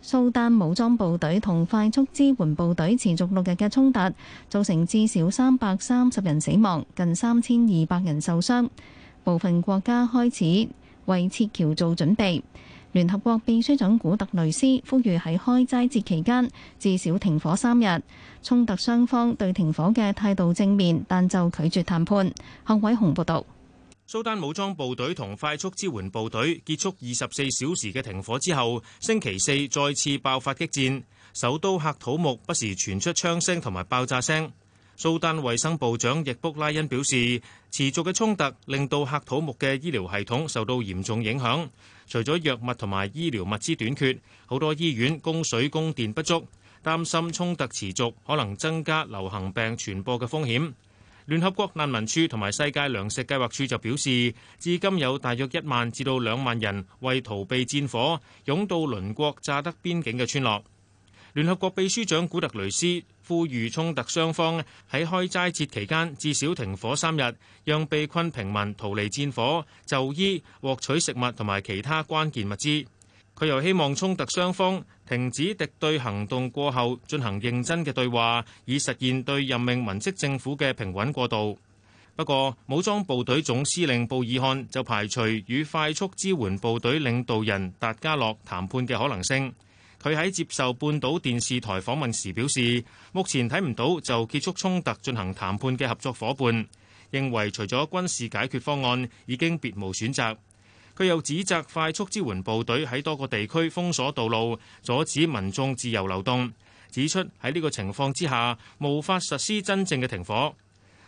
蘇丹武裝部隊同快速支援部隊持續六日嘅衝突，造成至少三百三十人死亡，近三千二百人受傷。部分國家開始為撤僑做準備。聯合國秘書長古特雷斯呼籲喺開齋節期間至少停火三日。衝突雙方對停火嘅態度正面，但就拒絕談判。向偉雄報導，蘇丹武裝部隊同快速支援部隊結束二十四小時嘅停火之後，星期四再次爆發激戰，首都喀土木不時傳出槍聲同埋爆炸聲。蘇丹衛生部長易卜拉欣表示，持續嘅衝突令到喀土穆嘅醫療系統受到嚴重影響，除咗藥物同埋醫療物資短缺，好多醫院供水供電不足，擔心衝突持續可能增加流行病傳播嘅風險。聯合國難民署同埋世界糧食計劃署就表示，至今有大約一萬至到兩萬人為逃避戰火，湧到鄰國乍得邊境嘅村落。聯合國秘書長古特雷斯呼籲衝突雙方喺開齋節期間至少停火三日，讓被困平民逃離戰火、就醫、獲取食物同埋其他關鍵物資。佢又希望衝突雙方停止敵對行動過後進行認真嘅對話，以實現對任命文職政府嘅平穩過渡。不過，武裝部隊總司令布爾漢就排除與快速支援部隊領導人達加洛談判嘅可能性。佢喺接受《半島電視台》訪問時表示，目前睇唔到就結束衝突進行談判嘅合作伙伴，認為除咗軍事解決方案已經別無選擇。佢又指責快速支援部隊喺多個地區封鎖道路，阻止民眾自由流動，指出喺呢個情況之下無法實施真正嘅停火。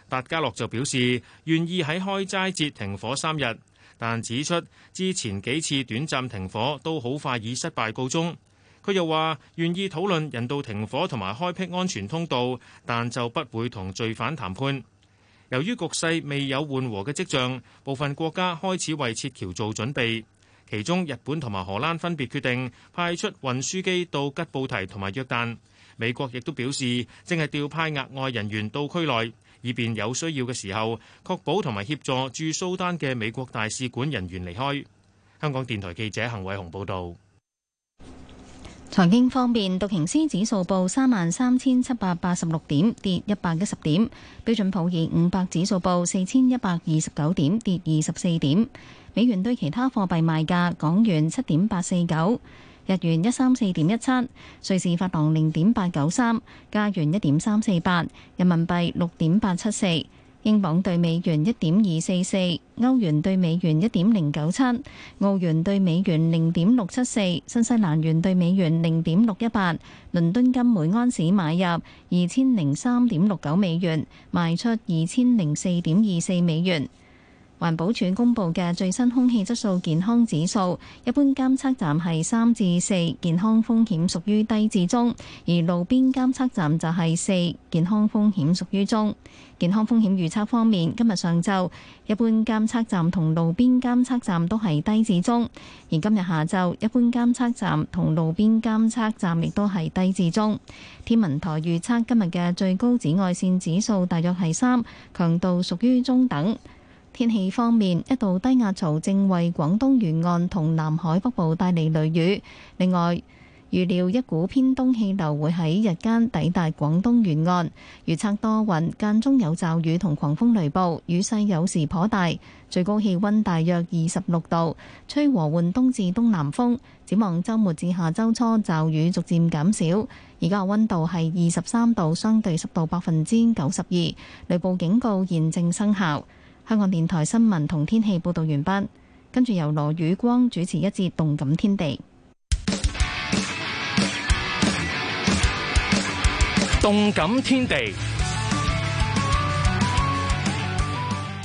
達加洛就表示願意喺開齋節停火三日，但指出之前幾次短暫停火都好快以失敗告終。佢又話願意討論人道停火同埋開闢安全通道，但就不會同罪犯談判。由於局勢未有緩和嘅跡象，部分國家開始為撤僑做準備。其中日本同埋荷蘭分別決定派出運輸機到吉布提同埋約旦。美國亦都表示正係調派額外人員到區內，以便有需要嘅時候確保同埋協助駐蘇丹嘅美國大使館人員離開。香港電台記者陳偉雄報道。財經方面，道瓊斯指數報三萬三千七百八十六點，跌一百一十點；標準普爾五百指數報四千一百二十九點，跌二十四點。美元對其他貨幣賣價：港元七點八四九，日元一三四點一七，瑞士法郎零點八九三，加元一點三四八，人民幣六點八七四。英鎊兌美元一點二四四，歐元兌美元一點零九七，澳元兌美元零點六七四，新西蘭元兌美元零點六一八，倫敦金每安士買入二千零三點六九美元，賣出二千零四點二四美元。環保署公布嘅最新空氣質素健康指數，一般監測站係三至四，健康風險屬於低至中；而路邊監測站就係四，健康風險屬於中。健康風險預測方面，今日上晝一般監測站同路邊監測站都係低至中；而今日下晝一般監測站同路邊監測站亦都係低至中。天文台預測今日嘅最高紫外線指數大約係三，強度屬於中等。天氣方面，一道低壓槽正為廣東沿岸同南海北部帶嚟雷雨。另外預料一股偏東氣流會喺日間抵達廣東沿岸，預測多雲，間中有驟雨同狂風雷暴，雨勢有時頗大。最高氣溫大約二十六度，吹和緩東至東南風，展望周末至下周初，驟雨逐漸減少。而家溫度係二十三度，相對濕度百分之九十二，雷暴警告現正生效。香港電台新聞同天氣報道完畢，跟住由羅宇光主持一節《動感天地》。《動感天地》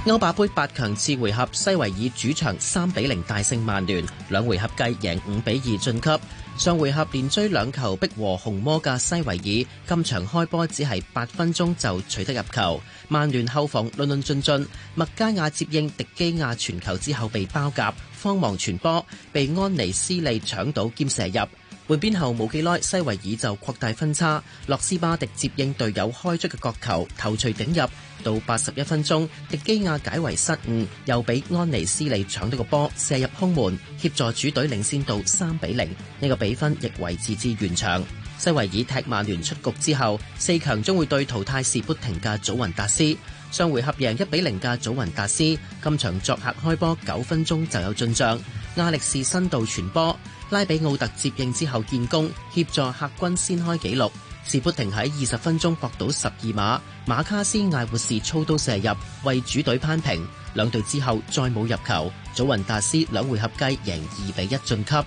歐霸盃八強次回合，西維爾主場三比零大勝曼聯，兩回合計贏五比二晉級。上回合連追兩球逼和紅魔嘅西維爾，今場開波只係八分鐘就取得入球。曼聯後防論論盡盡，麥加亞接應迪基亞傳球之後被包夾，慌忙傳波被安尼斯利搶到，兼射入。換邊後冇幾耐，西維爾就擴大分差，洛斯巴迪接應隊友開出嘅角球頭槌頂入。到八十一分鐘，迪基亞解圍失誤，又俾安尼斯利搶到個波射入空門，協助主隊領先到三比零。呢個比分亦維持至完場。西維爾踢曼聯出局之後，四強將會對淘汰士砵亭嘅祖雲達斯。上回合贏一比零嘅祖雲達斯，今場作客開波九分鐘就有進賬，亞力士深度傳波，拉比奧特接應之後建功，協助客軍先開紀錄。士砵亭喺二十分鐘搏到十二碼，馬卡斯艾活士操刀射入，為主隊扳平。兩隊之後再冇入球，祖雲達斯兩回合計贏二比一晉級。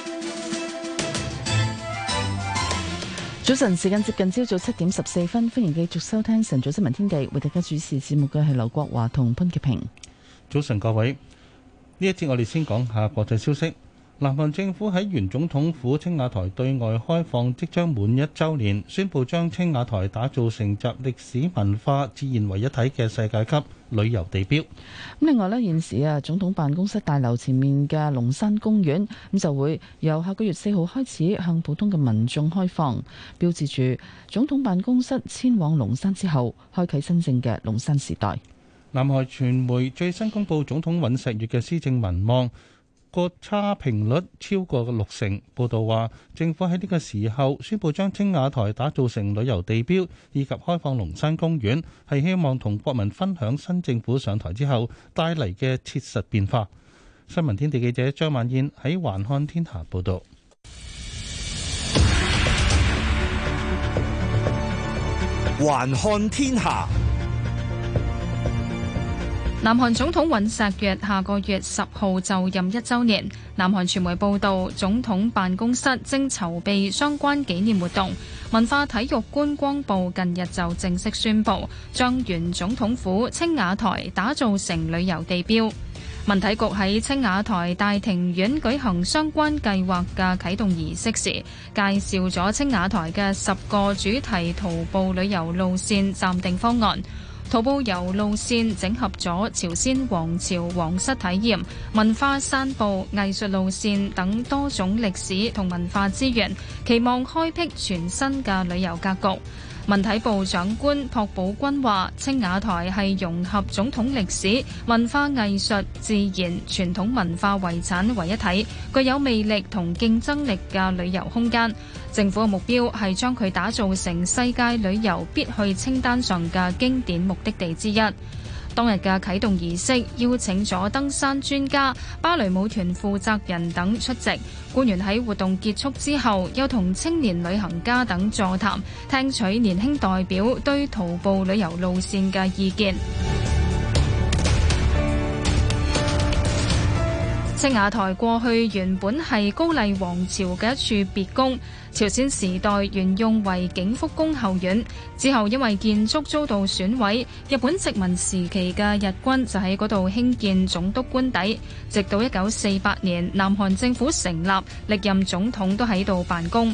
早晨，時間接近朝早七點十四分，歡迎繼續收聽晨早新聞天地，為大家主持節目嘅係劉國華同潘潔平。早晨各位，呢一節我哋先講下國際消息。南韓政府喺原總統府青瓦台對外開放即將滿一周年，宣布將青瓦台打造成集歷史文化、自然為一體嘅世界級旅遊地標。咁另外呢現時啊，總統辦公室大樓前面嘅龍山公園咁就會由下個月四號開始向普通嘅民眾開放，標誌住總統辦公室遷往龍山之後，開啟新政嘅龍山時代。南韓傳媒最新公布總統尹錫悅嘅施政民望。國差評率超過六成。報道話，政府喺呢個時候宣佈將青瓦台打造成旅遊地標，以及開放龍山公園，係希望同國民分享新政府上台之後帶嚟嘅切實變化。新聞天地記者張萬燕喺《環看天下》報道。環看天下。南韓總統尹錫悦下個月十號就任一週年，南韓傳媒報道，總統辦公室正籌備相關紀念活動。文化體育觀光部近日就正式宣布，將原總統府青瓦台打造成旅遊地標。文體局喺青瓦台大庭院舉行相關計劃嘅啟動儀式時，介紹咗青瓦台嘅十個主題徒步旅遊路線暫定方案。徒步遊路線整合咗朝鮮王朝皇室體驗、文化散步、藝術路線等多種歷史同文化資源，期望開闢全新嘅旅遊格局。文體部長官朴寶君話：青瓦台係融合總統歷史、文化藝術、自然、傳統文化遺產為一體，具有魅力同競爭力嘅旅遊空間。政府嘅目標係將佢打造成世界旅遊必去清單上嘅經典目的地之一。當日嘅啟動儀式邀請咗登山專家、芭蕾舞團負責人等出席。官員喺活動結束之後又同青年旅行家等座談，聽取年輕代表對徒步旅遊路線嘅意見。青瓦台過去原本係高麗王朝嘅一處別宮，朝鮮時代沿用為景福宮後院，之後因為建築遭到損毀，日本殖民時期嘅日軍就喺嗰度興建總督官邸，直到一九四八年南韓政府成立，歷任總統都喺度辦公，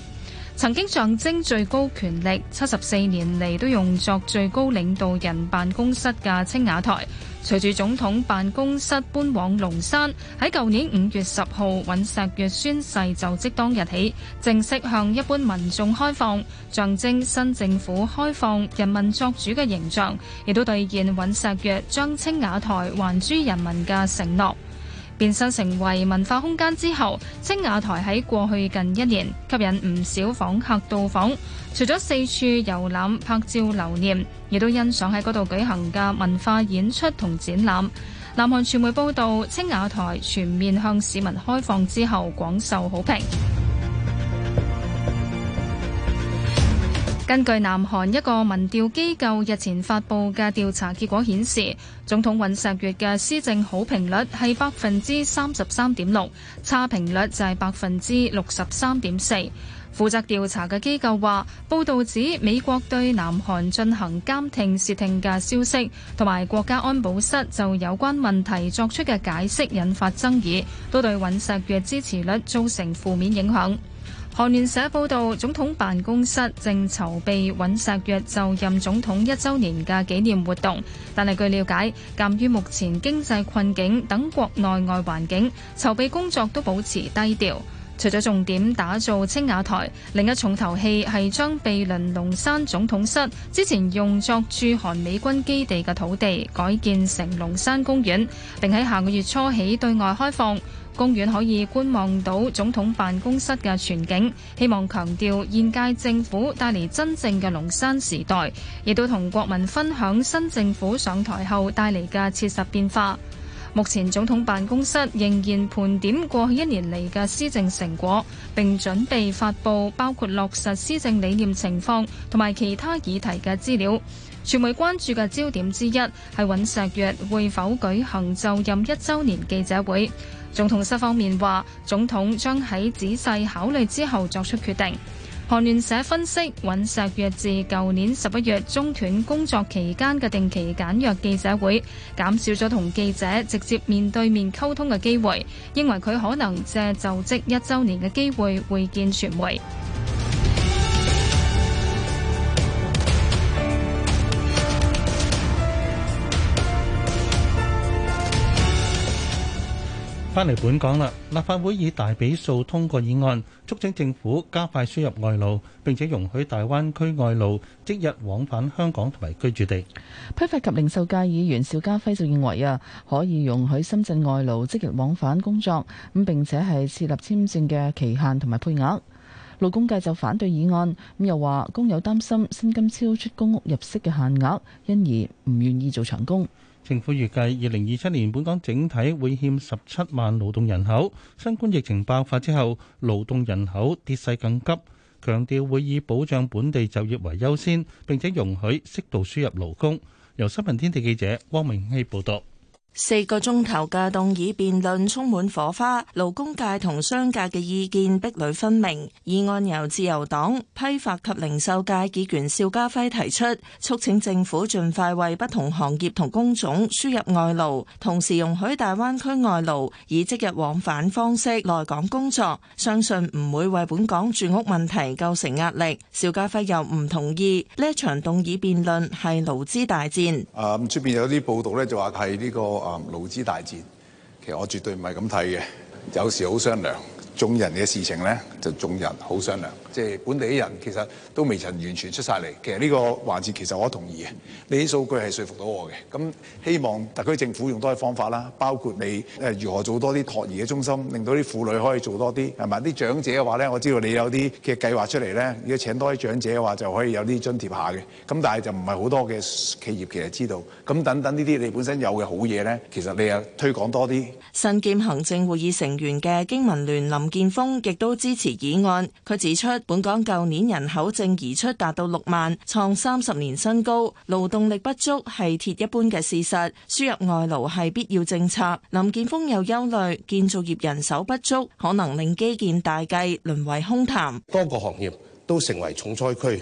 曾經象徵最高權力，七十四年嚟都用作最高領導人辦公室嘅青瓦台。隨住總統辦公室搬往龍山，喺舊年五月十號尹錫悅宣誓就職當日起，正式向一般民眾開放，象徵新政府開放人民作主嘅形象，亦都兌現尹錫悅將青瓦台還諸人民嘅承諾。變身成為文化空間之後，青瓦台喺過去近一年吸引唔少訪客到訪，除咗四處遊覽拍照留念，亦都欣賞喺嗰度舉行嘅文化演出同展覽。南韓傳媒報道，青瓦台全面向市民開放之後，廣受好評。根據南韓一個民調機構日前發布嘅調查結果顯示，總統尹錫悦嘅施政好評率係百分之三十三點六，差評率就係百分之六十三點四。負責調查嘅機構話，報導指美國對南韓進行監聽竊聽嘅消息，同埋國家安保室就有關問題作出嘅解釋引發爭議，都對尹錫悦支持率造成負面影響。韓聯社報道，總統辦公室正籌備尹錫悅就任總統一週年嘅紀念活動，但係據了解，鑑於目前經濟困境等國內外環境，籌備工作都保持低調。除咗重點打造青瓦台，另一重頭戲係將毗鄰龍山總統室之前用作駐韓美軍基地嘅土地改建成龍山公園，並喺下個月初起對外開放。公園可以觀望到總統辦公室嘅全景，希望強調現屆政府帶嚟真正嘅龍山時代，亦都同國民分享新政府上台後帶嚟嘅切實變化。目前總統辦公室仍然盤點過去一年嚟嘅施政成果，並準備發布包括落實施政理念情況同埋其他議題嘅資料。傳媒關注嘅焦點之一係尹錫悅會否舉行就任一週年記者會。總統室方面話，總統將喺仔細考慮之後作出決定。韓聯社分析，尹錫悅自舊年十一月中斷工作期間嘅定期簡約記者會，減少咗同記者直接面對面溝通嘅機會，認為佢可能借就職一週年嘅機會會見傳媒。返嚟本港啦！立法會以大比數通過議案，促請政府加快輸入外勞，並且容許大灣區外勞即日往返香港同埋居住地。批發及零售界議員邵家輝就認為啊，可以容許深圳外勞即日往返工作，咁並且係設立簽證嘅期限同埋配額。勞工界就反對議案，咁又話工友擔心薪金超出公屋入息嘅限額，因而唔願意做長工。政府預計二零二七年本港整體會欠十七萬勞動人口。新冠疫情爆發之後，勞動人口跌勢更急。強調會以保障本地就業為優先，並且容許適度輸入勞工。由新聞天地記者汪明熙報道。四個鐘頭嘅動議辯論充滿火花，勞工界同商界嘅意見壁壘分明。議案由自由黨批發及零售界議員邵家輝提出，促請政府盡快為不同行業同工種輸入外勞，同時容許大灣區外勞以即日往返方式來港工作，相信唔會為本港住屋問題構成壓力。邵家輝又唔同意呢一場動議辯論係勞資大戰。啊、嗯，出邊有啲報道呢就話係呢個。啊，勞資大戰。其實我絕對唔係咁睇嘅，有事好商量。眾人嘅事情咧，就眾人好商量。即係本地啲人其實都未曾完全出晒嚟。其實呢個環節其實我同意嘅，你啲數據係說服到我嘅。咁希望特區政府用多啲方法啦，包括你誒如何做多啲托兒嘅中心，令到啲婦女可以做多啲係咪？啲長者嘅話咧，我知道你有啲嘅計劃出嚟咧，如果請多啲長者嘅話就可以有啲津貼下嘅。咁但係就唔係好多嘅企業其實知道。咁等等呢啲你本身有嘅好嘢咧，其實你又推廣多啲。身兼行政會議成員嘅經民聯林林建峰，亦都支持議案，佢指出，本港舊年人口正移出達到六萬，創三十年新高，勞動力不足係鐵一般嘅事實，輸入外勞係必要政策。林建峰又憂慮，建造業人手不足，可能令基建大計淪為空談。多個行業都成為重災區，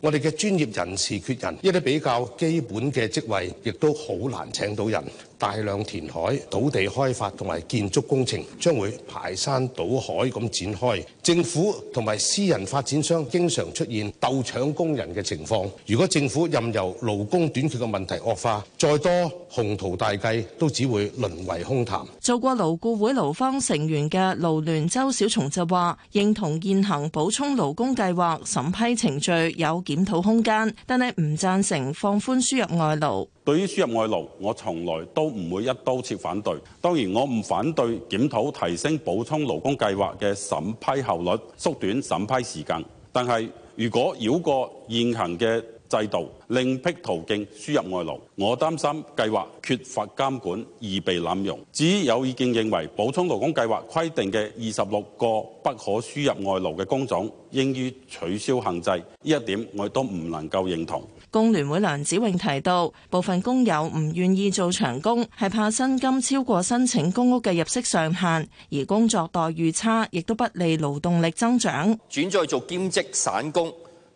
我哋嘅專業人士缺人，一啲比較基本嘅職位亦都好難請到人。大量填海、土地開發同埋建築工程將會排山倒海咁展開，政府同埋私人發展商經常出現鬥搶工人嘅情況，如果政府任由勞工短缺嘅問題惡化，再多鴻圖大計都只會淪為空談。做過勞顧會勞方成員嘅勞聯周小松就話，認同現行補充勞工計劃審批程序有檢討空間，但係唔贊成放寬輸入外勞。對於輸入外勞，我從來都唔會一刀切反對。當然，我唔反對檢討提升補充勞工計劃嘅審批效率、縮短審批時間。但係，如果繞過現行嘅制度，另闢途徑輸入外勞，我擔心計劃缺乏監管，易被濫用。至於有意見認為補充勞工計劃規定嘅二十六個不可輸入外勞嘅工種應於取消限制，呢一點我都唔能夠認同。工聯會梁子穎提到，部分工友唔願意做長工，係怕薪金超過申請公屋嘅入息上限，而工作待遇差，亦都不利勞動力增長。轉咗去做兼職散工，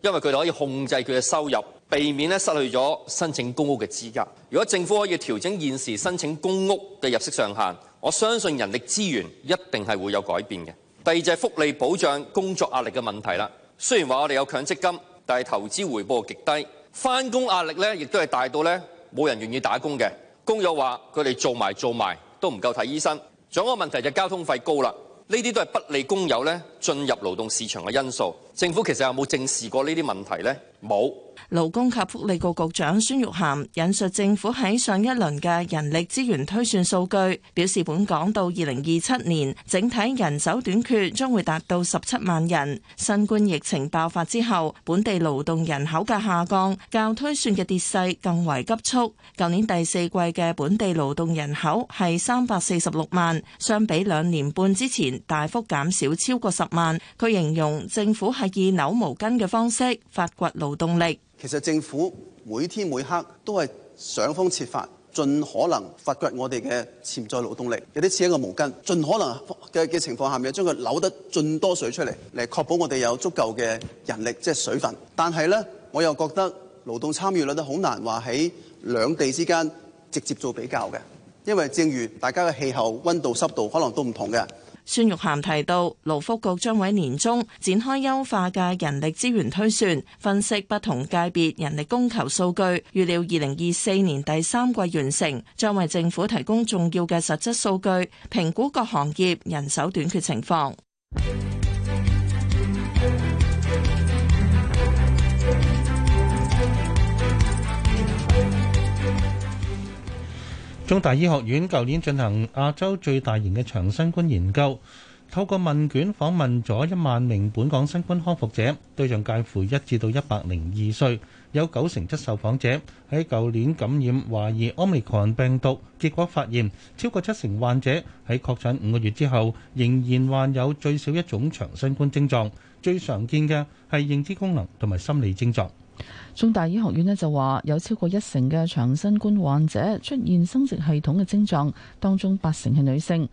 因為佢哋可以控制佢嘅收入，避免咧失去咗申請公屋嘅資格。如果政府可以調整現時申請公屋嘅入息上限，我相信人力資源一定係會有改變嘅。第二就係福利保障、工作壓力嘅問題啦。雖然話我哋有強積金，但係投資回報極低。返工壓力呢，亦都係大到呢冇人願意打工嘅。工友話：佢哋做埋做埋都唔夠睇醫生。仲有一個問題就係交通費高啦。呢啲都係不利工友呢進入勞動市場嘅因素。政府其實有冇正視過呢啲問題呢？冇。勞工及福利局局長孫玉菡引述政府喺上一輪嘅人力資源推算數據，表示本港到二零二七年整體人手短缺將會達到十七萬人。新冠疫情爆發之後，本地勞動人口嘅下降較推算嘅跌勢更為急促。舊年第四季嘅本地勞動人口係三百四十六萬，相比兩年半之前大幅減少超過十萬。佢形容政府係以扭毛巾嘅方式發掘勞動力。其實政府每天每刻都係想方設法，盡可能發掘我哋嘅潛在勞動力，有啲似一個毛巾，盡可能嘅情況下面，將佢扭得盡多水出嚟，嚟確保我哋有足夠嘅人力，即係水分。但係呢，我又覺得勞動參與率都好難話喺兩地之間直接做比較嘅，因為正如大家嘅氣候、温度、濕度可能都唔同嘅。孫玉菡提到，勞福局將喺年中展開優化嘅人力資源推算，分析不同界別人力供求數據，預料二零二四年第三季完成，將為政府提供重要嘅實質數據，評估各行業人手短缺情況。中大醫學院舊年進行亞洲最大型嘅長新冠研究，透過問卷訪問咗一萬名本港新冠康復者，對象介乎一至到一百零二歲，有九成七受訪者喺舊年感染懷疑 Omicron 病毒，結果發現超過七成患者喺確診五個月之後仍然患有最少一種長新冠症狀，最常見嘅係認知功能同埋心理症狀。中大醫學院呢就話有超過一成嘅長新冠患者出現生殖系統嘅症狀，當中八成係女性。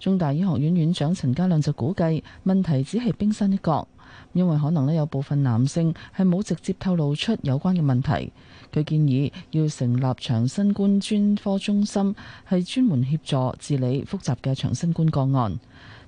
中大醫學院院長陳家亮就估計問題只係冰山一角，因為可能呢有部分男性係冇直接透露出有關嘅問題。佢建議要成立長新冠專科中心，係專門協助治理複雜嘅長新冠個案。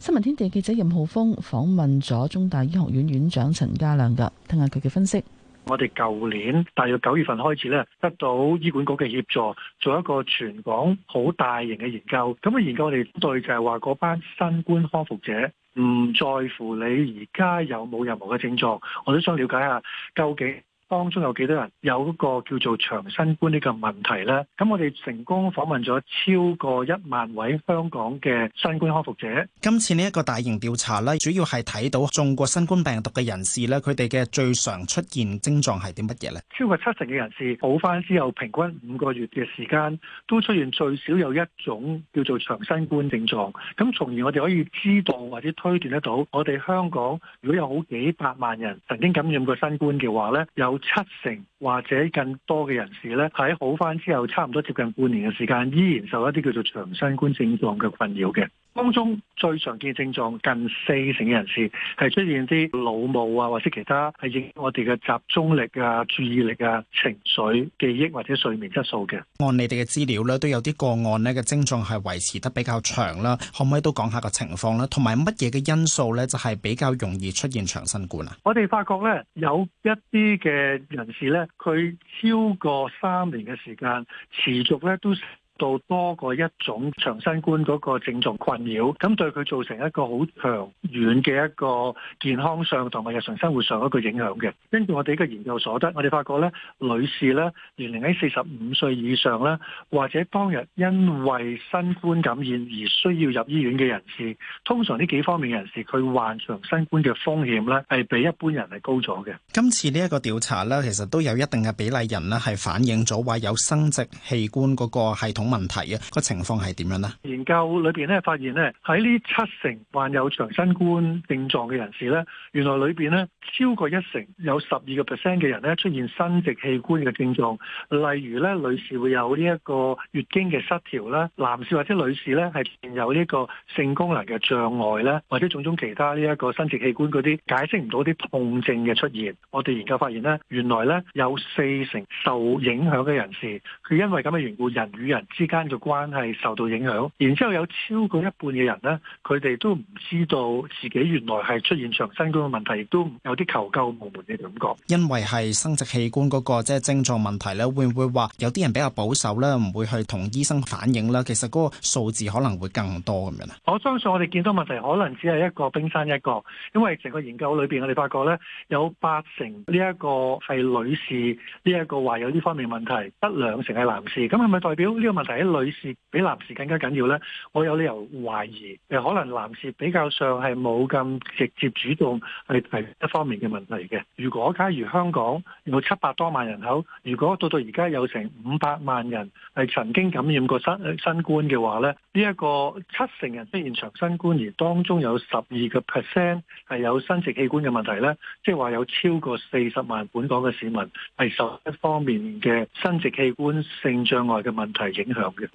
新聞天地記者任浩峰訪問咗中大醫學院院長陳家亮噶，聽下佢嘅分析。我哋舊年大約九月份開始咧，得到醫管局嘅協助，做一個全港好大型嘅研究。咁個研究我哋對就係話嗰班新冠康復者，唔在乎你而家有冇任何嘅症狀，我都想了解下究竟，當中有幾多人有個叫做長新冠呢個問題呢？咁我哋成功訪問咗超過一萬位香港嘅新冠康復者。今次呢一個大型調查咧，主要係睇到中過新冠病毒嘅人士咧，佢哋嘅最常出現症狀係啲乜嘢呢？超過七成嘅人士好翻之後，平均五個月嘅時間都出現最少有一種叫做長新冠症狀。咁從而我哋可以知道或者推斷得到，我哋香港如果有好幾百萬人曾經感染過新冠嘅話呢，有七成或者更多嘅人士咧，喺好返之後，差唔多接近半年嘅時間，依然受一啲叫做長新冠症狀嘅困擾嘅。當中最常見症狀，近四成嘅人士係出現啲腦霧啊，或者其他係影響我哋嘅集中力啊、注意力啊、情緒、記憶或者睡眠質素嘅。按你哋嘅資料咧，都有啲個案咧嘅症狀係維持得比較長啦，可唔可以都講下個情況咧？同埋乜嘢嘅因素咧，就係、是、比較容易出現長新冠啊？我哋發覺咧，有一啲嘅人士咧，佢超過三年嘅時間持續咧都到多過一種長新冠嗰個症狀困擾，咁對佢造成一個好長遠嘅一個健康上同埋日常生活上一個影響嘅。根據我哋嘅研究所得，我哋發覺咧，女士咧年齡喺四十五歲以上咧，或者當日因為新冠感染而需要入醫院嘅人士，通常呢幾方面人士佢患長新冠嘅風險咧係比一般人係高咗嘅。今次呢一個調查咧，其實都有一定嘅比例人咧係反映咗話有生殖器官嗰個系統。種問題啊，個情況係點樣呢？研究裏邊咧發現咧，喺呢七成患有長新冠症狀嘅人士咧，原來裏邊咧超過一成有十二個 percent 嘅人咧出現生殖器官嘅症狀，例如咧女士會有呢一個月經嘅失調啦，男士或者女士咧係有呢個性功能嘅障礙咧，或者種種其他呢一個生殖器官嗰啲解釋唔到啲痛症嘅出現。我哋研究發現咧，原來咧有四成受影響嘅人士，佢因為咁嘅緣故，人與人之間嘅關係受到影響，然之後有超過一半嘅人呢，佢哋都唔知道自己原來係出現長新冠嘅問題，亦都有啲求救無門嘅感覺。因為係生殖器官嗰、那個即係症狀問題咧，會唔會話有啲人比較保守咧，唔會去同醫生反映咧？其實嗰個數字可能會更多咁樣。我相信我哋見到問題可能只係一個冰山一角，因為成個研究裏邊我哋發覺咧，有八成呢一個係女士呢一個話有呢方面問題，得兩成係男士，咁係咪代表呢個問題？但係女士比男士更加緊要咧，我有理由懷疑，誒可能男士比較上係冇咁直接主動係係一方面嘅問題嘅。如果假如香港有七百多萬人口，如果到到而家有成五百萬人係曾經感染過新新冠嘅話咧，呢、這、一個七成人出現長新冠，而當中有十二個 percent 係有生殖器官嘅問題咧，即係話有超過四十萬本港嘅市民係受一方面嘅生殖器官性障礙嘅問題影。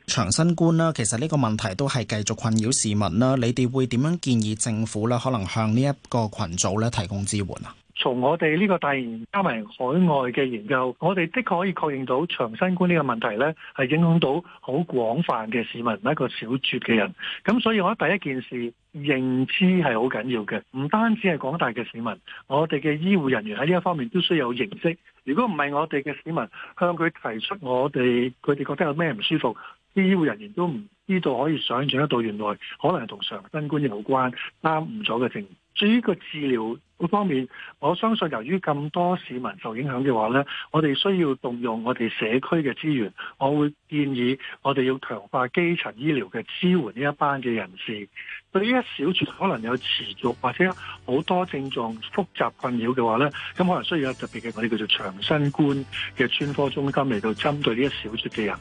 長新冠啦，其實呢個問題都係繼續困擾市民啦。你哋會點樣建議政府咧？可能向呢一個群組咧，提供支援啊？從我哋呢個大型加埋海外嘅研究，我哋的確可以確認到長新冠呢個問題呢係影響到好廣泛嘅市民，唔係一個小撮嘅人。咁所以，我覺得第一件事認知係好緊要嘅，唔單止係廣大嘅市民，我哋嘅醫護人員喺呢一方面都需要認識。如果唔係我哋嘅市民向佢提出我，我哋佢哋覺得有咩唔舒服，啲醫護人員都唔知道可以想象得到，原來可能係同長新冠有關耽誤咗嘅症。至於個治療方面，我相信由於咁多市民受影響嘅話，呢我哋需要動用我哋社區嘅資源。我會建議我哋要強化基層醫療嘅支援呢一班嘅人士。對呢一小撮可能有持續或者好多症狀複雜困擾嘅話呢，咁可能需要一特別嘅我哋叫做長新冠嘅專科中心嚟到針對呢一小撮嘅人。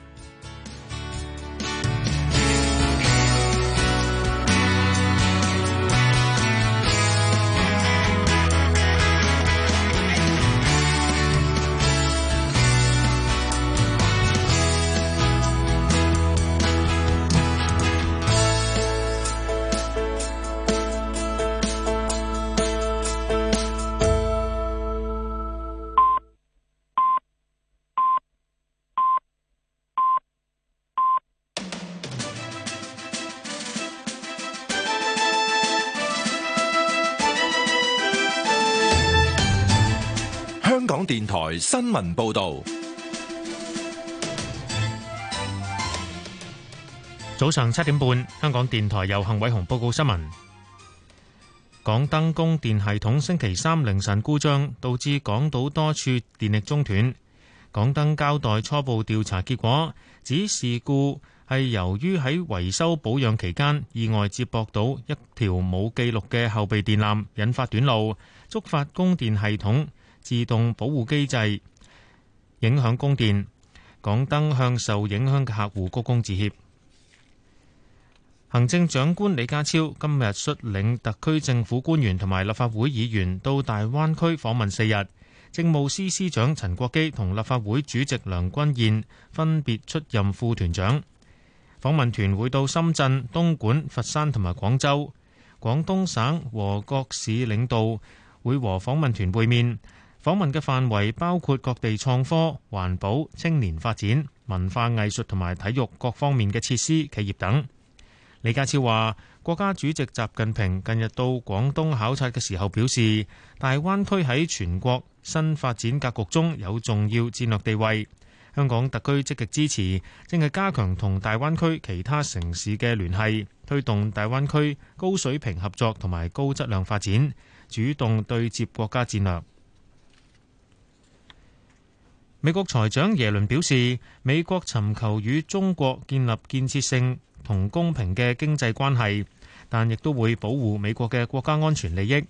新聞報道。早上七點半，香港電台由幸偉雄報告新聞。港燈供電系統星期三凌晨故障，導致港島多處電力中斷。港燈交代初步調查結果，指事故係由於喺維修保養期間意外接駁到一條冇記錄嘅後備電纜，引發短路，觸發供電系統，自動保護機制影響供電，港燈向受影響嘅客戶鞠躬致歉。行政長官李家超今日率領特區政府官員同埋立法會議員到大灣區訪問四日。政務司司長陳國基同立法會主席梁君彥分別出任副團長。訪問團會到深圳、東莞、佛山同埋廣州，廣東省和各市領導會和訪問團會面。訪問嘅範圍包括各地創科、環保、青年發展、文化藝術同埋體育各方面嘅設施、企業等。李家超話，國家主席習近平近日到廣東考察嘅時候表示，大灣區喺全國新發展格局中有重要戰略地位。香港特區積極支持，正係加強同大灣區其他城市嘅聯繫，推動大灣區高水平合作同埋高質量發展，主動對接國家戰略。美國財長耶倫表示，美國尋求與中國建立建設性同公平嘅經濟關係，但亦都會保護美國嘅國家安全利益。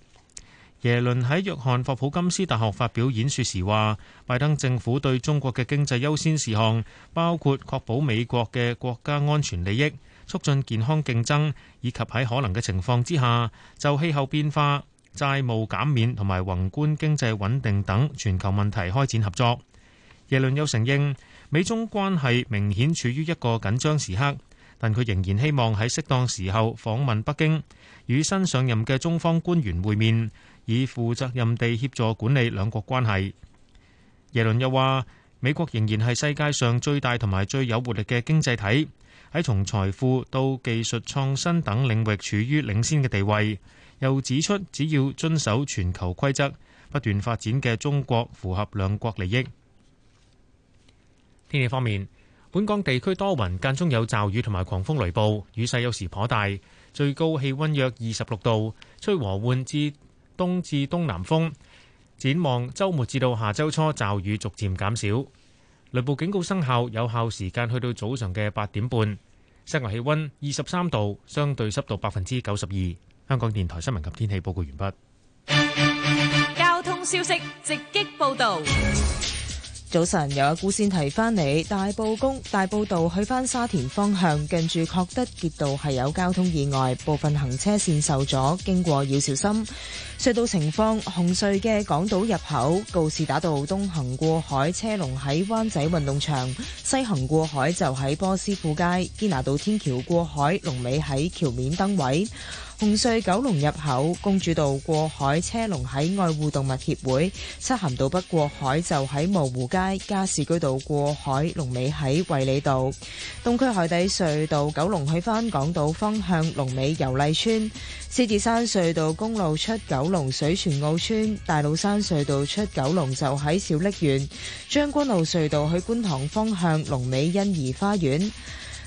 耶倫喺約翰霍普金斯大學發表演說時話，拜登政府對中國嘅經濟優先事項包括確保美國嘅國家安全利益、促進健康競爭，以及喺可能嘅情況之下就氣候變化、債務減免同埋宏觀經濟穩定等全球問題開展合作。耶倫又承認美中關係明顯處於一個緊張時刻，但佢仍然希望喺適當時候訪問北京，與新上任嘅中方官員會面，以負責任地協助管理兩國關係。耶倫又話，美國仍然係世界上最大同埋最有活力嘅經濟體，喺從財富到技術創新等領域處於領先嘅地位。又指出，只要遵守全球規則，不斷發展嘅中國符合兩國利益。天氣方面，本港地區多雲，間中有驟雨同埋狂風雷暴，雨勢有時頗大，最高氣溫約二十六度，吹和緩至東至東南風。展望周末至到下周初，驟雨逐漸減少，雷暴警告生效，有效時間去到早上嘅八點半。室外氣溫二十三度，相對濕度百分之九十二。香港電台新聞及天氣報告完畢。交通消息直擊報道。早晨，有一姑先提翻你，大埔公路大埔道去返沙田方向，近住確德捷道係有交通意外，部分行車線受阻，經過要小心。隧道情況，紅隧嘅港島入口告士打道東行過海車龍喺灣仔運動場，西行過海就喺波斯富街堅拿道天橋過海，龍尾喺橋面燈位。紅隧九龍入口公主道過海車龍喺愛護動物協會，漆咸道北過海就喺蕪湖街，加士居道過海龍尾喺衛理道。東區海底隧道九龍去返港島方向，龍尾油麗村，獅子山隧道公路出九龍水泉澳村，大老山隧道出九龍就喺小瀝源，將軍澳隧道去觀塘方向，龍尾欣怡花園。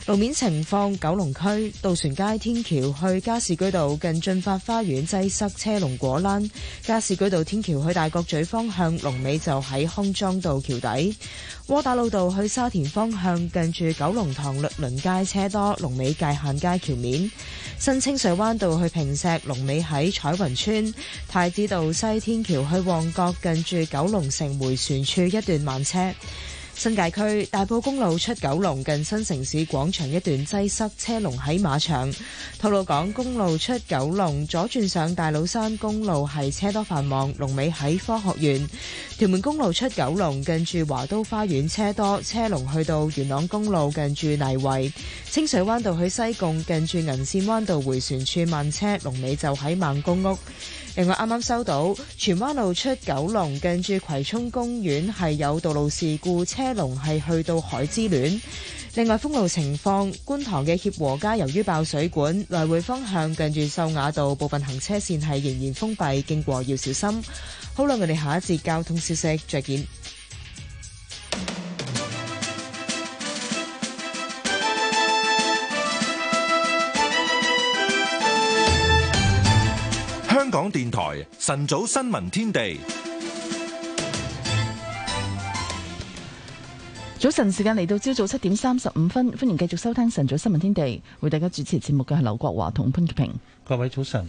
路面情況：九龍區渡船街天橋去加士居道近駿發花園擠塞車龍果欄；加士居道天橋去大角咀方向龍尾就喺康莊道橋底；窩打老道去沙田方向近住九龍塘律倫街車多，龍尾界限街橋面；新清水灣道去坪石龍尾喺彩雲村；太子道西天橋去旺角近住九龍城回旋處一段慢車。新界區大埔公路出九龍近新城市廣場一段擠塞車龍喺馬場，吐露港公路出九龍左轉上大老山公路係車多繁忙，龍尾喺科學園。屯門公路出九龍近住華都花園車多，車龍去到元朗公路近住泥圍，清水灣道去西貢近住銀線灣道回旋處慢車，龍尾就喺孟公屋。另外啱啱收到荃灣路出九龍，近住葵涌公園係有道路事故，車龍係去到海之戀。另外封路情況，觀塘嘅協和街由於爆水管，來回方向近住秀雅道部分行車線係仍然封閉，經過要小心。好啦，我哋下一節交通消息再見。電台晨早新聞天地，早晨時間嚟到朝早七點三十五分，歡迎繼續收聽晨早新聞天地，為大家主持節目嘅係劉國華同潘潔平。各位早晨，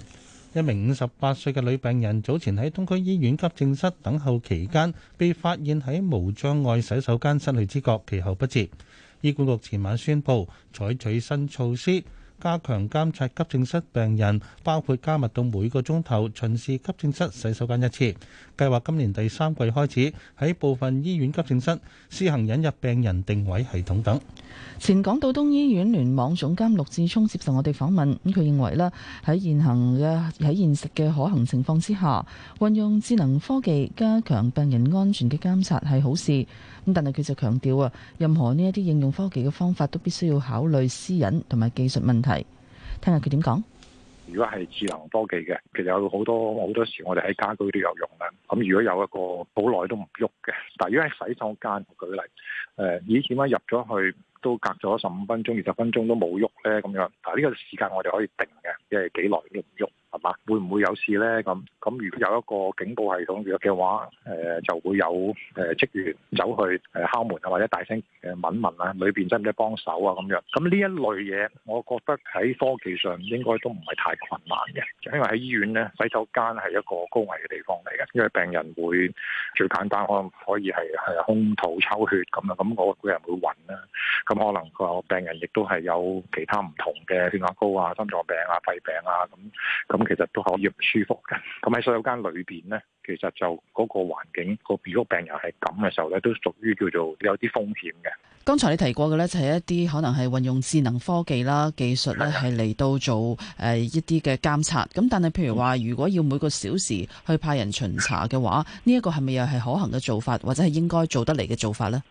一名五十八歲嘅女病人，早前喺東區醫院急症室等候期間，被發現喺無障礙洗手間失去知覺，其後不治。醫管局前晚宣布採取新措施。加強監察急症室病人，包括加密到每個鐘頭巡視急症室洗手間一次。計劃今年第三季開始喺部分醫院急症室施行，引入病人定位系統等。前港島東醫院聯網總監陸志聰接受我哋訪問，佢認為咧，喺現行嘅喺現實嘅可行情況之下，運用智能科技加強病人安全嘅監察係好事。咁但係佢就強調啊，任何呢一啲應用科技嘅方法都必須要考慮私隱同埋技術問題。聽下佢點講？如果係智能科技嘅，其實有好多好多時我哋喺家居都有用啦。咁如果有一個好耐都唔喐嘅，但如果喺洗手間舉例，誒，以前咧入咗去都隔咗十五分鐘、二十分鐘都冇喐咧，咁樣，嗱呢個時間我哋可以定嘅，即係幾耐都唔喐。係嘛？會唔會有事咧？咁咁，如果有一個警報系統嘅話，誒、呃、就會有誒職員走去誒敲門啊，或者大聲誒問問啊，裏邊使唔使幫手啊？咁樣咁呢一類嘢，我覺得喺科技上應該都唔係太困難嘅，因為喺醫院咧洗手間係一個高危嘅地方嚟嘅，因為病人會最簡單可能可以係係空肚抽血咁啊。咁我、那個人會暈啦。咁可能個病人亦都係有其他唔同嘅血壓高啊、心臟病啊、肺病啊咁咁。咁其實都可以唔舒服嘅，咁喺洗手間裏邊呢，其實就嗰個環境，個如果病人係咁嘅時候咧，都屬於叫做有啲風險嘅。剛才你提過嘅呢，就係一啲可能係運用智能科技啦、技術呢，係嚟到做誒一啲嘅監察。咁但係譬如話，如果要每個小時去派人巡查嘅話，呢、這、一個係咪又係可行嘅做法，或者係應該做得嚟嘅做法呢？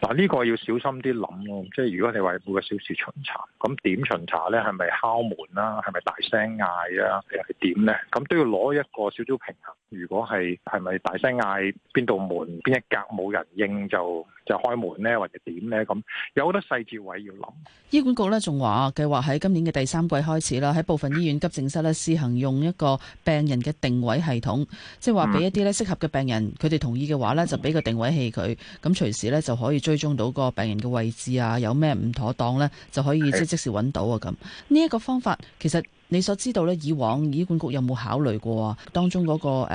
嗱，呢個要小心啲諗咯，即係如果你話每個小時巡查，咁點巡查咧？係咪敲門啦、啊？係咪大聲嗌啊？定係點咧？咁都要攞一個少少平衡。如果係係咪大聲嗌邊度門邊一格冇人應就就開門呢？或者點呢？咁有好多細節位要諗。醫管局呢，仲話計劃喺今年嘅第三季開始啦，喺部分醫院急症室呢，試行用一個病人嘅定位系統，即係話俾一啲呢適合嘅病人，佢哋同意嘅話呢，就俾個定位器佢，咁隨時呢，就可以追蹤到個病人嘅位置啊，有咩唔妥當呢，就可以即即時揾到啊咁。呢一個方法其實。你所知道咧，以往醫管局有冇考慮過啊？當中嗰個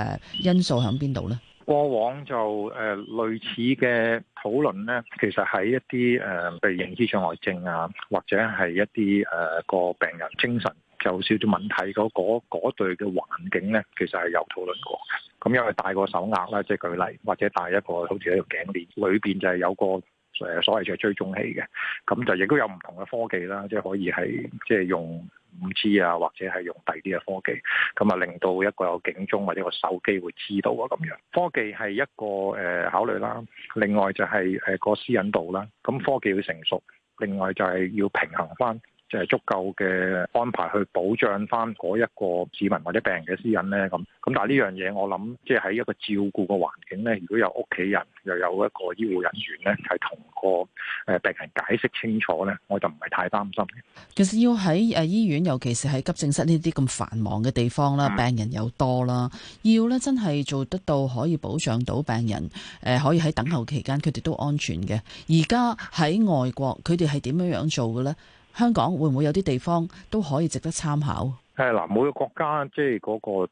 因素喺邊度咧？過往就誒類似嘅討論咧，其實喺一啲誒被認知障礙症啊，或者係一啲誒個病人精神有少少問題嗰、那個、對嘅環境咧，其實係有討論過嘅。咁因為戴個手鈪啦，即、就、係、是、舉例，或者戴一個好似一個頸鍊，裏邊就係有個。誒所謂嘅追蹤器嘅，咁就亦都有唔同嘅科技啦，即係可以係即係用五 G 啊，或者係用第二啲嘅科技，咁啊令到一個有警鐘或者個手機會知道啊咁樣。科技係一個誒、呃、考慮啦，另外就係誒個私隱度啦。咁科技要成熟，另外就係要平衡翻，即係足夠嘅安排去保障翻嗰一個市民或者病人嘅私隱呢。咁咁但係呢樣嘢我諗，即係喺一個照顧嘅環境呢，如果有屋企人又有一個醫護人員呢，係同個誒病人解釋清楚呢，我就唔係太擔心。其實要喺誒醫院，尤其是喺急症室呢啲咁繁忙嘅地方啦，嗯、病人又多啦，要呢真係做得到可以保障到病人誒，可以喺等候期間佢哋都安全嘅。而家喺外國，佢哋係點樣樣做嘅呢？香港會唔會有啲地方都可以值得參考？誒嗱，每個國家即係嗰個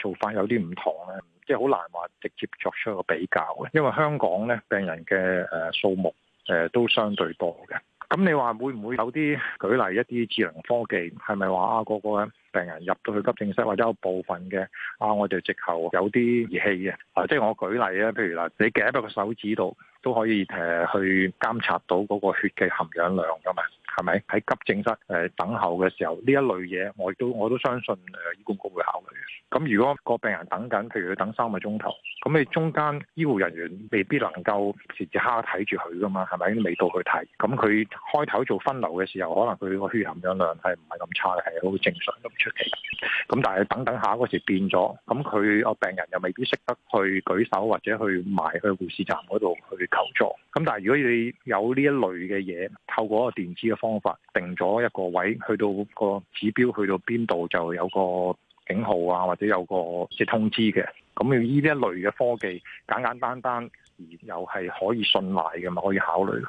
做法有啲唔同咧，即係好難話直接作出一個比較嘅，因為香港咧病人嘅誒數目誒都相對多嘅。咁你話會唔會有啲舉例一啲智能科技係咪話啊個個病人入到去急症室或者有部分嘅啊，我哋直頭有啲儀器嘅？啊，即係我舉例咧，譬如嗱，你夾喺個手指度。都可以誒去監察到嗰個血嘅含氧量噶嘛，係咪喺急症室誒等候嘅時候呢一類嘢，我都我都相信誒醫管局會考慮。咁如果個病人等緊，譬如要等三個鐘頭，咁你中間醫護人員未必能夠時時刻睇住佢噶嘛，係咪？未到去睇，咁佢開頭做分流嘅時候，可能佢個血含氧量係唔係咁差嘅，係好正常咁出奇。咁但係等一等下嗰時變咗，咁佢個病人又未必識得去舉手或者去埋去護士站嗰度去。操作咁，但係如果你有呢一類嘅嘢，透過一個電子嘅方法定咗一個位，去到個指標去到邊度就有個警號啊，或者有個即係通知嘅，咁呢一類嘅科技簡簡單單單而又係可以信賴嘅，咪可以考慮咯。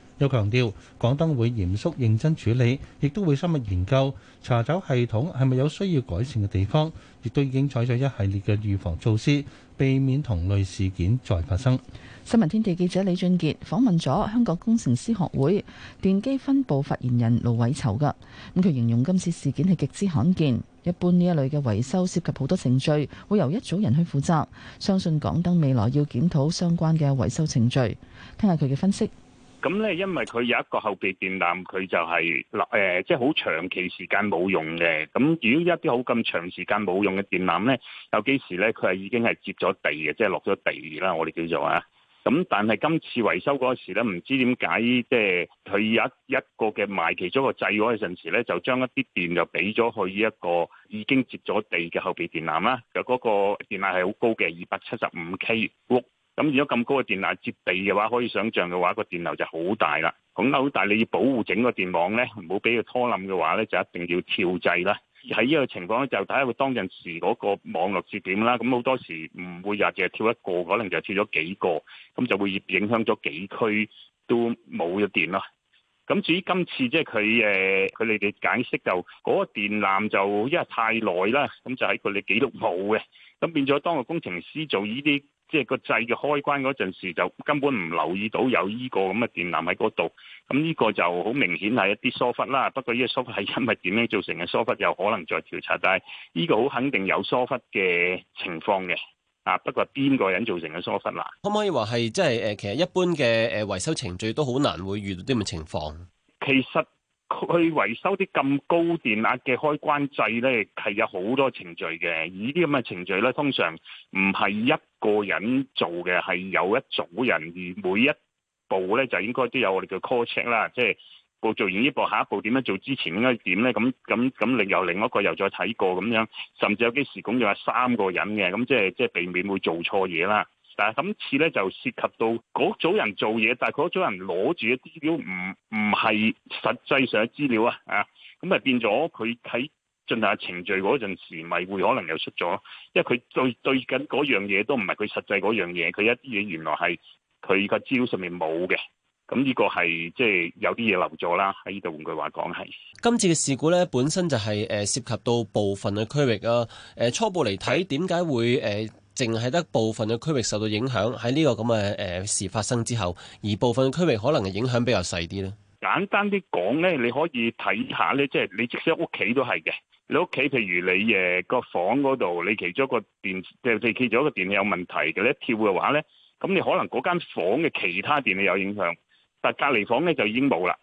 又強調，港燈會嚴肅認真處理，亦都會深入研究，查找系統係咪有需要改善嘅地方，亦都已經採取一系列嘅預防措施，避免同類事件再發生。新聞天地記者李俊傑訪問咗香港工程師學會電機分部發言人盧偉籌嘅咁，佢形容今次事件係極之罕見，一般呢一類嘅維修涉及好多程序，會由一組人去負責。相信港燈未來要檢討相關嘅維修程序。聽下佢嘅分析。咁咧、嗯，因為佢有一個後備電纜，佢就係立誒，即係好長期時間冇用嘅。咁、嗯、如果一啲好咁長時間冇用嘅電纜咧，有幾時咧？佢係已經係接咗地嘅，即係落咗地啦。我哋叫做啊。咁、嗯、但係今次維修嗰時咧，唔知點解即係佢有一一個嘅賣其中一個掣嗰陣時咧，就將一啲電就俾咗去呢一個已經接咗地嘅後備電纜啦。就嗰個電纜係好高嘅二百七十五 k 咁如果咁高嘅電纜接地嘅話，可以想象嘅話，個電流就好大啦。咁好大，你要保護整個電網咧，唔好俾佢拖冧嘅話咧，就一定要跳掣啦。喺呢個情況咧，就睇下佢當陣時嗰個網絡節點啦。咁好多時唔會日日跳一個，可能就跳咗幾個，咁就會影響咗幾區都冇咗電咯。咁至於今次即係佢誒佢哋嘅解釋，就是，就、那、嗰個電纜就因為太耐啦，咁就喺佢哋記錄冇嘅，咁變咗當個工程師做呢啲。即係個掣嘅開關嗰陣時，就根本唔留意到有依個咁嘅電纜喺嗰度。咁呢個就好明顯係一啲疏忽啦。不過呢個疏忽係因為點樣造成嘅疏忽，又可能再調查。但係呢個好肯定有疏忽嘅情況嘅。啊，不過係邊個人造成嘅疏忽啦？可唔可以話係即係誒？其實一般嘅誒維修程序都好難會遇到啲咁嘅情況。其實。去維修啲咁高電壓嘅開關掣，呢係有好多程序嘅。依啲咁嘅程序，呢通常唔係一個人做嘅，係有一組人。而每一步呢，就應該都有我哋叫 call check，啦，即係做完呢步，下一步點樣做之前應該點呢？咁咁咁，另有另一個又再睇過咁樣，甚至有幾時咁就話三個人嘅，咁即係即係避免會做錯嘢啦。但係今次咧就涉及到嗰組人做嘢，但係佢嗰組人攞住嘅資料唔唔係實際上嘅資料啊！啊，咁咪變咗佢喺進行程序嗰陣時，咪會可能又出咗，因為佢最對緊嗰樣嘢都唔係佢實際嗰樣嘢，佢一啲嘢原來係佢個資料上面冇嘅，咁呢個係即係有啲嘢留咗啦。喺呢度換句話講係今次嘅事故咧，本身就係、是、誒、呃、涉及到部分嘅區域啊！誒、呃、初步嚟睇點解會誒？呃淨係得部分嘅區域受到影響，喺呢個咁嘅誒事發生之後，而部分區域可能嘅影響比較細啲咧。簡單啲講咧，你可以睇下咧，即係你即使屋企都係嘅，你屋企譬如你誒個房嗰度，你其中一個電，即係其中一個電器有問題嘅，你一跳嘅話咧，咁你可能嗰間房嘅其他電器有影響，但隔離房咧就已經冇啦。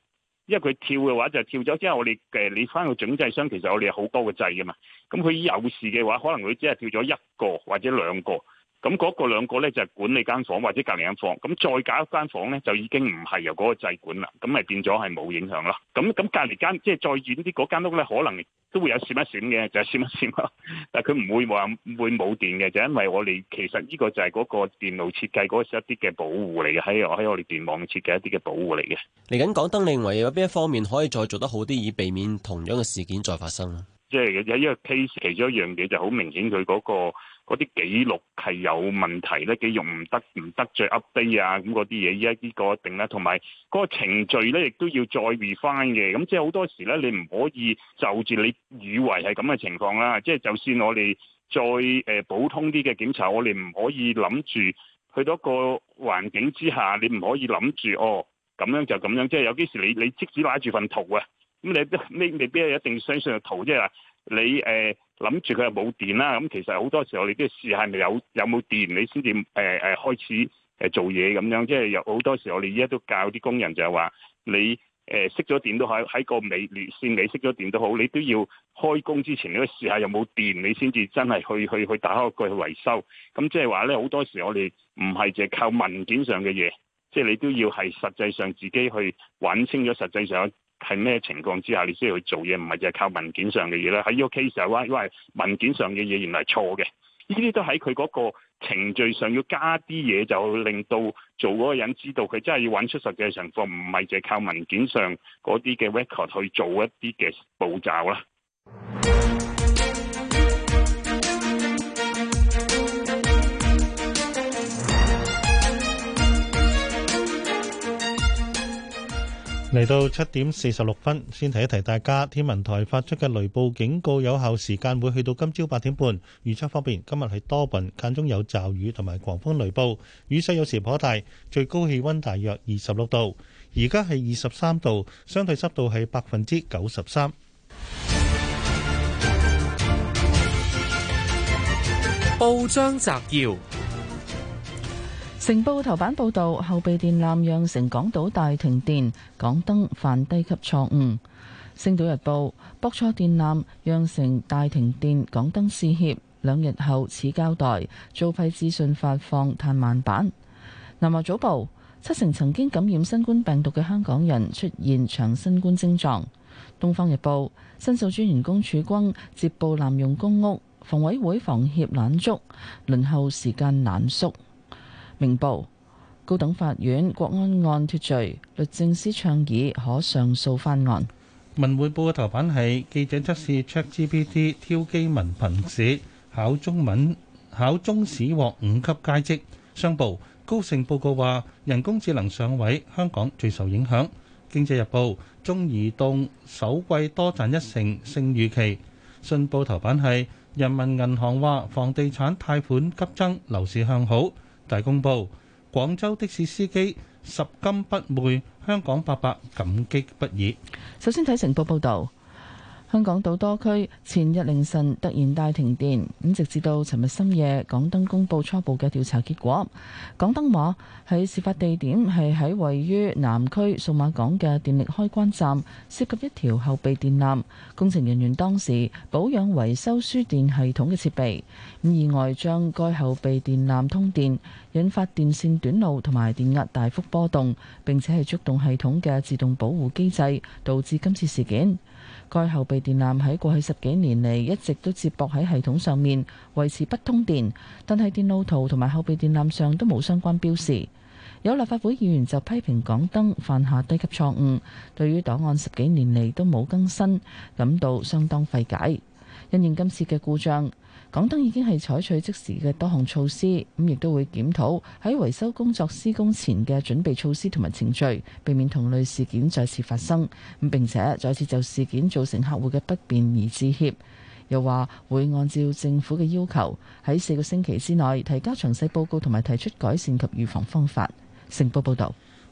因為佢跳嘅話就跳咗之後，我哋誒你翻個總掣箱，其實我哋有好多嘅掣㗎嘛，咁佢有事嘅話，可能佢只係跳咗一個或者兩個。咁嗰個兩個咧就係管理間房或者隔離間房，咁再搞一間房咧就已經唔係由嗰個制管啦，咁咪變咗係冇影響啦。咁咁隔離間即係再遠啲嗰間屋咧，可能都會有閃一閃嘅，就係、是、閃一閃啦。但係佢唔會話會冇電嘅，就因為我哋其實呢個就係嗰個電路設計嗰一啲嘅保護嚟嘅，喺我喺我哋電網設計一啲嘅保護嚟嘅。嚟緊港燈，你認為有邊一方面可以再做得好啲，以避免同樣嘅事件再發生咧？即係有一個 case 其中一樣嘢就好明顯，佢嗰個。嗰啲記錄係有問題咧，記錄唔得唔得，得罪 update 啊，咁嗰啲嘢，依一依個定啦。同埋嗰個程序咧，亦都要再 refine 嘅。咁即係好多時咧，你唔可以就住你以為係咁嘅情況啦。即係就算我哋再誒普通啲嘅檢查，我哋唔可以諗住去到一個環境之下，你唔可以諗住哦咁樣就咁樣。即係有啲時你你即使拉住份圖啊，咁你未未必一定相信個圖，即係話你誒。呃諗住佢係冇電啦，咁其實好多時我哋都要試下咪有有冇電，你先至誒誒開始誒做嘢咁樣。即係有好多時，我哋依家都教啲工人就係話，你誒熄咗電都喺喺個尾線你熄咗電都好，你都要開工之前你都試下有冇電，你先至真係去去去打開佢去維修。咁即係話咧，好多時我哋唔係淨係靠文件上嘅嘢，即係你都要係實際上自己去揾清咗實際上。係咩情況之下，你先去做嘢，唔係淨係靠文件上嘅嘢咧？喺呢個 case 就係話，因為文件上嘅嘢原來係錯嘅，呢啲都喺佢嗰個程序上要加啲嘢，就令到做嗰個人知道佢真係要揾出實際嘅情況，唔係淨係靠文件上嗰啲嘅 record 去做一啲嘅步驟啦。嚟到七點四十六分，先提一提大家。天文台發出嘅雷暴警告有效時間會去到今朝八點半。預測方面，今日係多雲，間中有驟雨同埋狂風雷暴，雨勢有時頗大，最高氣溫大約二十六度。而家係二十三度，相對濕度係百分之九十三。報章摘要。《成報》頭版報導，後備電纜釀成港島大停電，港燈犯低級錯誤。《星島日報》駁錯電纜釀成大停電，港燈致歉，兩日後始交代，遭批資訊發放太慢板。《南華早報》七成曾經感染新冠病毒嘅香港人出現長新冠症狀。《東方日報》申訴專員公署接報濫用公屋，房委會房協難捉，輪候時間難縮。《明報》高等法院國安案脫罪，律政司倡議可上訴翻案。《文匯報》嘅頭版係記者測試 ChatGPT 挑機，文憑試考中文考中史獲五級佳績。《商報》高盛報告話人工智能上位，香港最受影響。《經濟日報》中移動首季多賺一成，勝預期。《信報》頭版係人民銀行話房地產貸款急增，樓市向好。大公報廣州的士司機拾金不昧，香港伯伯感激不已。首先睇成報報道。香港島多區前日凌晨突然大停電，咁直至到尋日深夜，港燈公布初步嘅調查結果。港燈話喺事發地點係喺位於南區數碼港嘅電力開關站，涉及一條後備電纜。工程人員當時保養維修輸電系統嘅設備，咁意外將該後備電纜通電，引發電線短路同埋電壓大幅波動，並且係觸動系統嘅自動保護機制，導致今次事件。該後備電纜喺過去十幾年嚟一直都接駁喺系統上面，維持不通電，但係電路圖同埋後備電纜上都冇相關標示。有立法會議員就批評港燈犯下低級錯誤，對於檔案十幾年嚟都冇更新，感到相當費解。因應今次嘅故障，港燈已經係採取即時嘅多項措施，咁亦都會檢討喺維修工作施工前嘅準備措施同埋程序，避免同類事件再次發生。咁並且再次就事件造成客戶嘅不便而致歉，又話會按照政府嘅要求喺四個星期之內提交詳細報告同埋提出改善及預防方法。成報報道。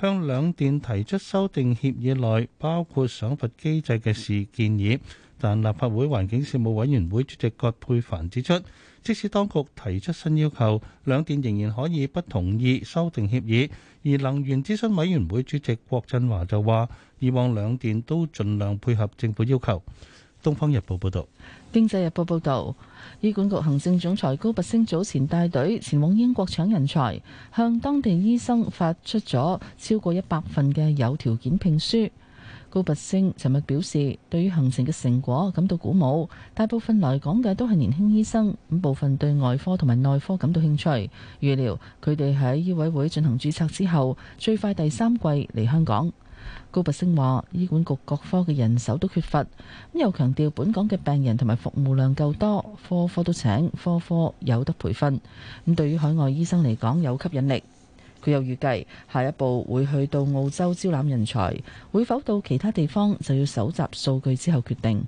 向兩電提出修訂協議內包括賞罰機制嘅事建議，但立法會環境事務委員會主席葛珮帆指出，即使當局提出新要求，兩電仍然可以不同意修訂協議。而能源諮詢委員會主席郭振華就話，以往兩電都盡量配合政府要求。《東方日報》報道。《經濟日報》報導。醫管局行政總裁高拔陞早前帶隊前往英國搶人才，向當地醫生發出咗超過一百份嘅有條件聘書。高拔陞尋日表示，對於行程嘅成果感到鼓舞，大部分來港嘅都係年輕醫生，咁部分對外科同埋內科感到興趣。預料佢哋喺醫委會進行注冊之後，最快第三季嚟香港。高拔陞話，醫管局各科嘅人手都缺乏，又強調本港嘅病人同埋服務量夠多，科科都請，科科有得培訓，咁對於海外醫生嚟講有吸引力。佢又預計下一步會去到澳洲招攬人才，會否到其他地方就要搜集數據之後決定。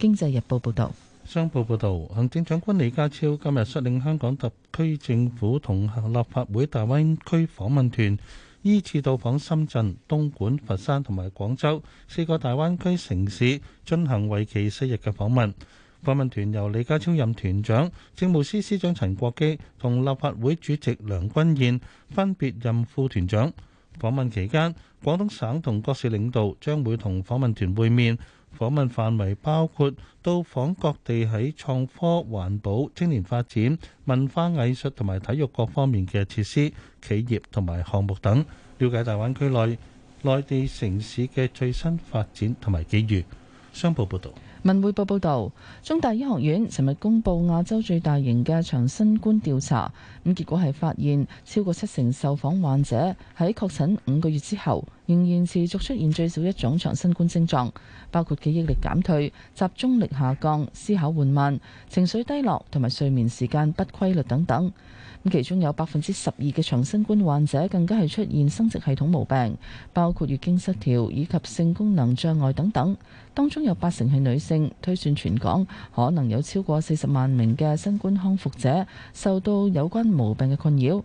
經濟日報報道。商報報道，行政長官李家超今日率領香港特區政府同立法會大灣區訪問團。依次到訪深圳、東莞、佛山同埋廣州四個大灣區城市進行為期四日嘅訪問。訪問團由李家超任團長，政務司司長陳國基同立法會主席梁君彥分別任副團長。訪問期間，廣東省同各市領導將會同訪問團會面。訪問範圍包括到訪各地，喺創科、環保、青年發展、文化藝術同埋體育各方面嘅設施、企業同埋項目等，了解大灣區內內地城市嘅最新發展同埋機遇。商報報導。文匯報報道，中大醫學院尋日公佈亞洲最大型嘅長新冠調查，咁結果係發現超過七成受訪患者喺確診五個月之後，仍然持續出現最少一種長新冠症狀，包括記憶力減退、集中力下降、思考緩慢、情緒低落同埋睡眠時間不規律等等。咁其中有百分之十二嘅長新冠患者更加係出現生殖系統毛病，包括月經失調以及性功能障礙等等。當中有八成係女性，推算全港可能有超過四十萬名嘅新冠康復者受到有關毛病嘅困擾。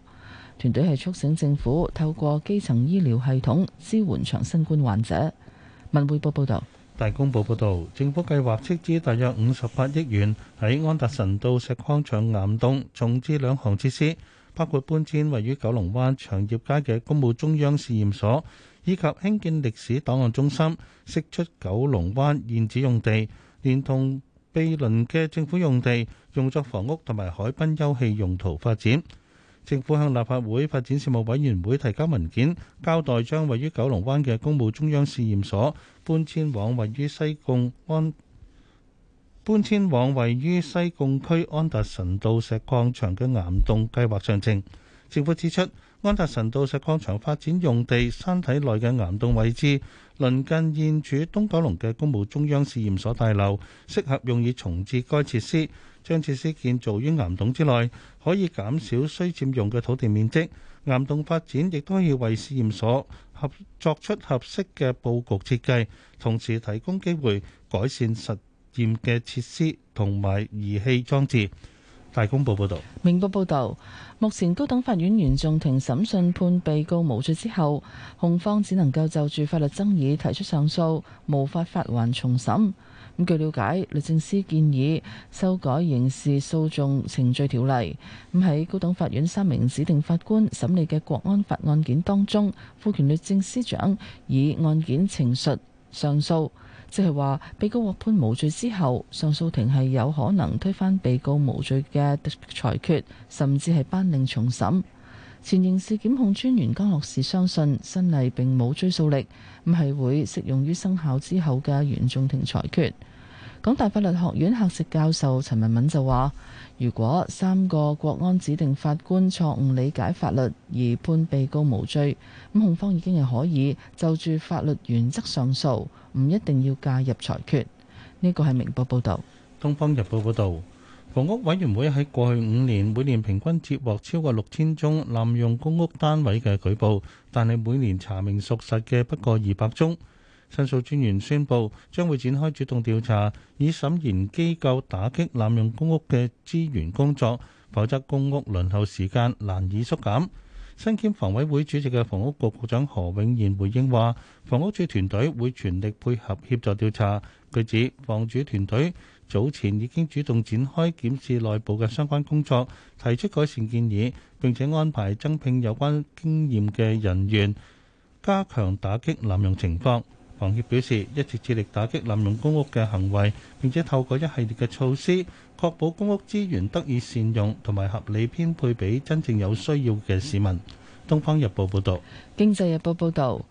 團隊係促醒政府透過基層醫療系統支援長新冠患者。文匯報報道。大公報報導，政府計劃斥資大約五十八億元，喺安達臣道石礦場岩洞重置兩項設施，包括搬遷位於九龍灣長業街嘅公務中央試驗所，以及興建歷史檔案中心，釋出九龍灣現址用地，連同毗鄰嘅政府用地，用作房屋同埋海濱休憩用途發展。政府向立法會發展事務委員會提交文件，交代將位於九龍灣嘅公務中央試驗所搬遷往位於西貢安搬遷往位於西貢區安達臣道石礦場嘅岩洞計劃詳情。政府指出，安達臣道石礦場發展用地山體內嘅岩洞位置，鄰近現處東九龍嘅公務中央試驗所大樓，適合用以重置該設施。將設施建造於岩洞之內，可以減少需佔用嘅土地面積。岩洞發展亦都可以為試驗所合作出合適嘅佈局設計，同時提供機會改善實驗嘅設施同埋儀器裝置。大公報報導，明報報道：「目前高等法院原訟庭審訊判被告無罪之後，控方只能夠就住法律爭議提出上訴，無法發還重審。據了解，律政司建議修改刑事訴訟程序條例。咁喺高等法院三名指定法官審理嘅國安法案件當中，賦權律政司長以案件程述上訴，即係話被告獲判無罪之後，上訴庭係有可能推翻被告無罪嘅裁決，甚至係頒令重審。前刑事檢控專員江樂士相信新例並冇追溯力，咁係會適用於生效之後嘅原訟庭裁決。港大法律學院客席教授陳文敏就話：如果三個國安指定法官錯誤理解法律而判被告無罪，咁控方已經係可以就住法律原則上訴，唔一定要介入裁決。呢個係明報報導，《東方日報》報導，房屋委員會喺過去五年每年平均接獲超過六千宗濫用公屋單位嘅舉報，但係每年查明屬實嘅不過二百宗。申訴專員宣布，將會展開主動調查，以審嚴機構打擊濫用公屋嘅資源工作，否則公屋輪候時間難以縮減。身兼房委會主席嘅房屋局局長何永賢回應話，房屋署團隊會全力配合協助調查。據指房署團隊早前已經主動展開檢視內部嘅相關工作，提出改善建議，並且安排增聘有關經驗嘅人員，加強打擊濫用情況。房協表示，一直致力打擊濫用公屋嘅行為，並且透過一系列嘅措施，確保公屋資源得以善用同埋合理編配俾真正有需要嘅市民。《東方日報》報道，《經濟日報》報道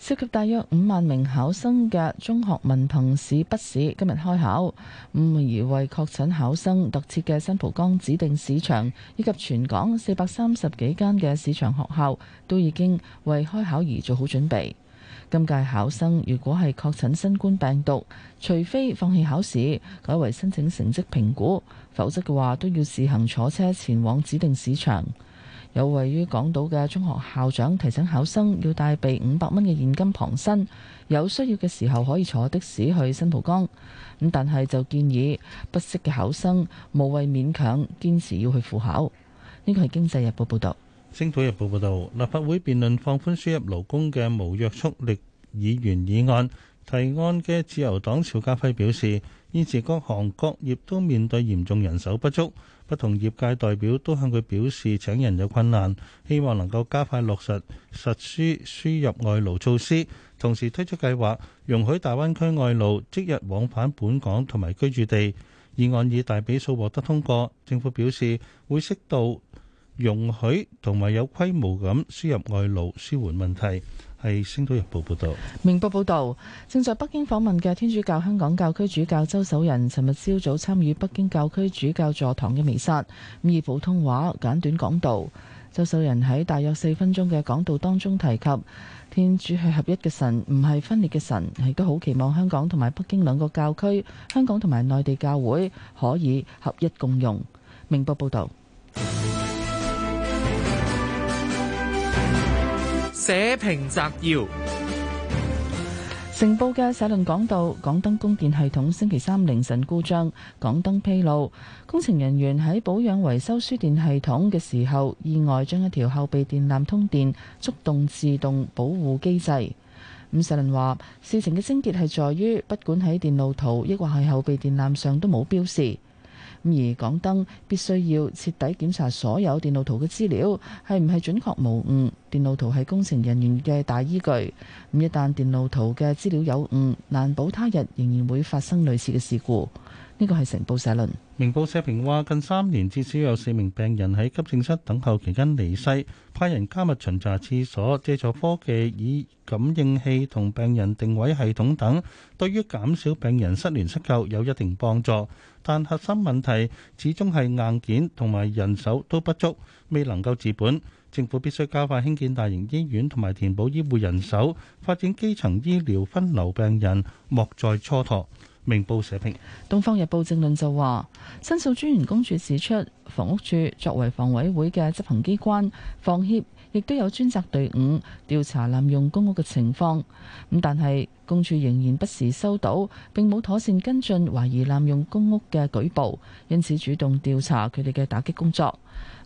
涉及大約五萬名考生嘅中學文憑試筆試今日開考，唔而為確診考生特設嘅新蒲崗指定試場以及全港四百三十幾間嘅試場學校，都已經為開考而做好準備。今屆考生如果係確診新冠病毒，除非放棄考試，改為申請成績評估，否則嘅話都要自行坐車前往指定試場。有位於港島嘅中學校長提醒考生要帶備五百蚊嘅現金傍身，有需要嘅時候可以坐的士去新蒲崗。咁但係就建議不適嘅考生無謂勉強堅持要去赴考。呢個係《經濟日報》報導。《星島日報》報導，立法會辯論放寬輸入勞工嘅無約束力議員議案，提案嘅自由黨邵家輝表示，現時各行各業都面對嚴重人手不足，不同業界代表都向佢表示請人有困難，希望能夠加快落實實施輸入外勞措施，同時推出計劃容許大灣區外勞即日往返本港同埋居住地。議案以大比數獲得通過，政府表示會適度，容許同埋有規模咁輸入外勞舒緩問題，係《星島日報》報道。明報報道，正在北京訪問嘅天主教香港教區主教周守仁，尋日朝早參與北京教區主教座堂嘅彌撒，咁以普通話簡短講道。周守仁喺大約四分鐘嘅講道當中提及，天主係合一嘅神，唔係分裂嘅神，亦都好期望香港同埋北京兩個教區，香港同埋內地教會可以合一共用。明報報道。社評摘要：成報嘅社論講到，港燈供電系統星期三凌晨故障。港燈披露，工程人員喺保養維修輸電系統嘅時候，意外將一條後備電纜通電，觸動自動保護機制。咁社論話，事情嘅症結係在於，不管喺電路圖，抑或係後備電纜上，都冇標示。而港燈必須要徹底檢查所有電路圖嘅資料，係唔係準確無誤，電路圖係工程人員嘅大依據，咁一旦電路圖嘅資料有誤，難保他日仍然會發生類似嘅事故。呢個係《成報社論》，《明報社評》話：近三年至少有四名病人喺急症室等候期間離世。派人加密巡查廁所，借助科技以感應器同病人定位系統等，對於減少病人失聯失救有一定幫助。但核心問題始終係硬件同埋人手都不足，未能夠治本。政府必須加快興建大型醫院同埋填補醫護人手，發展基層醫療分流病人，莫再蹉跎。明報社評。《東方日報正論》就話，申訴專員公署指出，房屋署作為房委會嘅執行機關，房協亦都有專責隊伍調查濫用公屋嘅情況。咁但係公署仍然不時收到並冇妥善跟進懷疑濫用公屋嘅舉報，因此主動調查佢哋嘅打擊工作。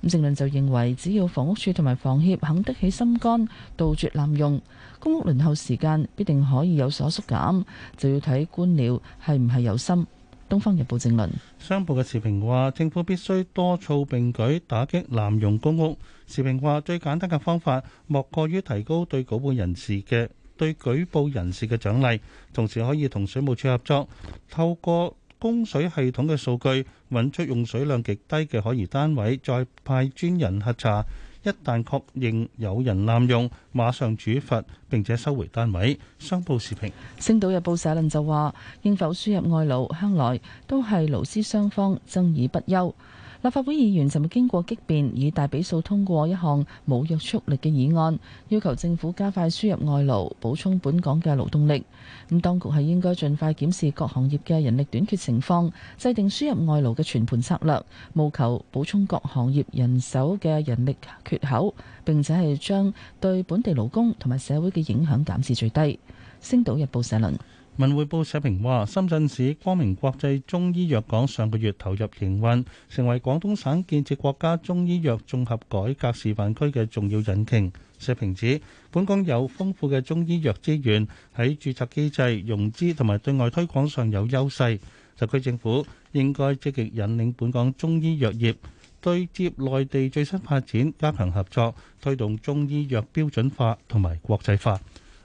咁正論就認為，只要房屋署同埋房協肯得起心肝，杜絕濫用。公屋輪候時間必定可以有所縮減，就要睇官僚係唔係有心。東方日報正論，商報嘅時評話，政府必須多措並舉打擊濫用公屋。時評話，最簡單嘅方法莫過於提高對，對舉報人士嘅對舉報人士嘅獎勵，同時可以同水務處合作，透過供水系統嘅數據，揾出用水量極低嘅可疑單位，再派專人核查。一旦確認有人濫用，馬上處罰並且收回單位。商報時評，《星島日報》社論就話：應否輸入外勞，向來都係勞資雙方爭議不休。立法會議員尋日經過激辯，以大比數通過一項冇約束力嘅議案，要求政府加快輸入外勞，補充本港嘅勞動力。咁當局係應該盡快檢視各行業嘅人力短缺情況，制定輸入外勞嘅全盤策略，務求補充各行業人手嘅人力缺口，並且係將對本地勞工同埋社會嘅影響減至最低。星島日報社論。文匯報社評話，深圳市光明國際中醫藥港上個月投入營運，成為廣東省建設國家中醫藥綜合改革示範區嘅重要引擎。社評指，本港有豐富嘅中醫藥資源，喺註冊機制、融資同埋對外推廣上有優勢，特區政府應該積極引領本港中醫藥業對接內地最新發展，加強合作，推動中醫藥標準化同埋國際化。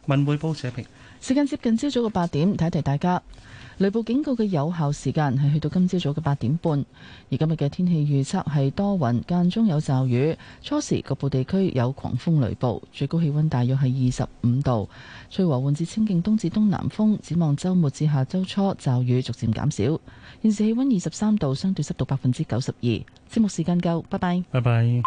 文匯報社評。時間接近朝早嘅八點，提提大家雷暴警告嘅有效時間係去到今朝早嘅八點半。而今日嘅天氣預測係多雲，間中有驟雨。初時局部地區有狂風雷暴，最高氣溫大約係二十五度。吹和緩至清勁，東至東南風。展望周末至下周初，驟雨逐漸減少。現時氣溫二十三度，相對濕度百分之九十二。節目時間夠，拜拜。拜拜。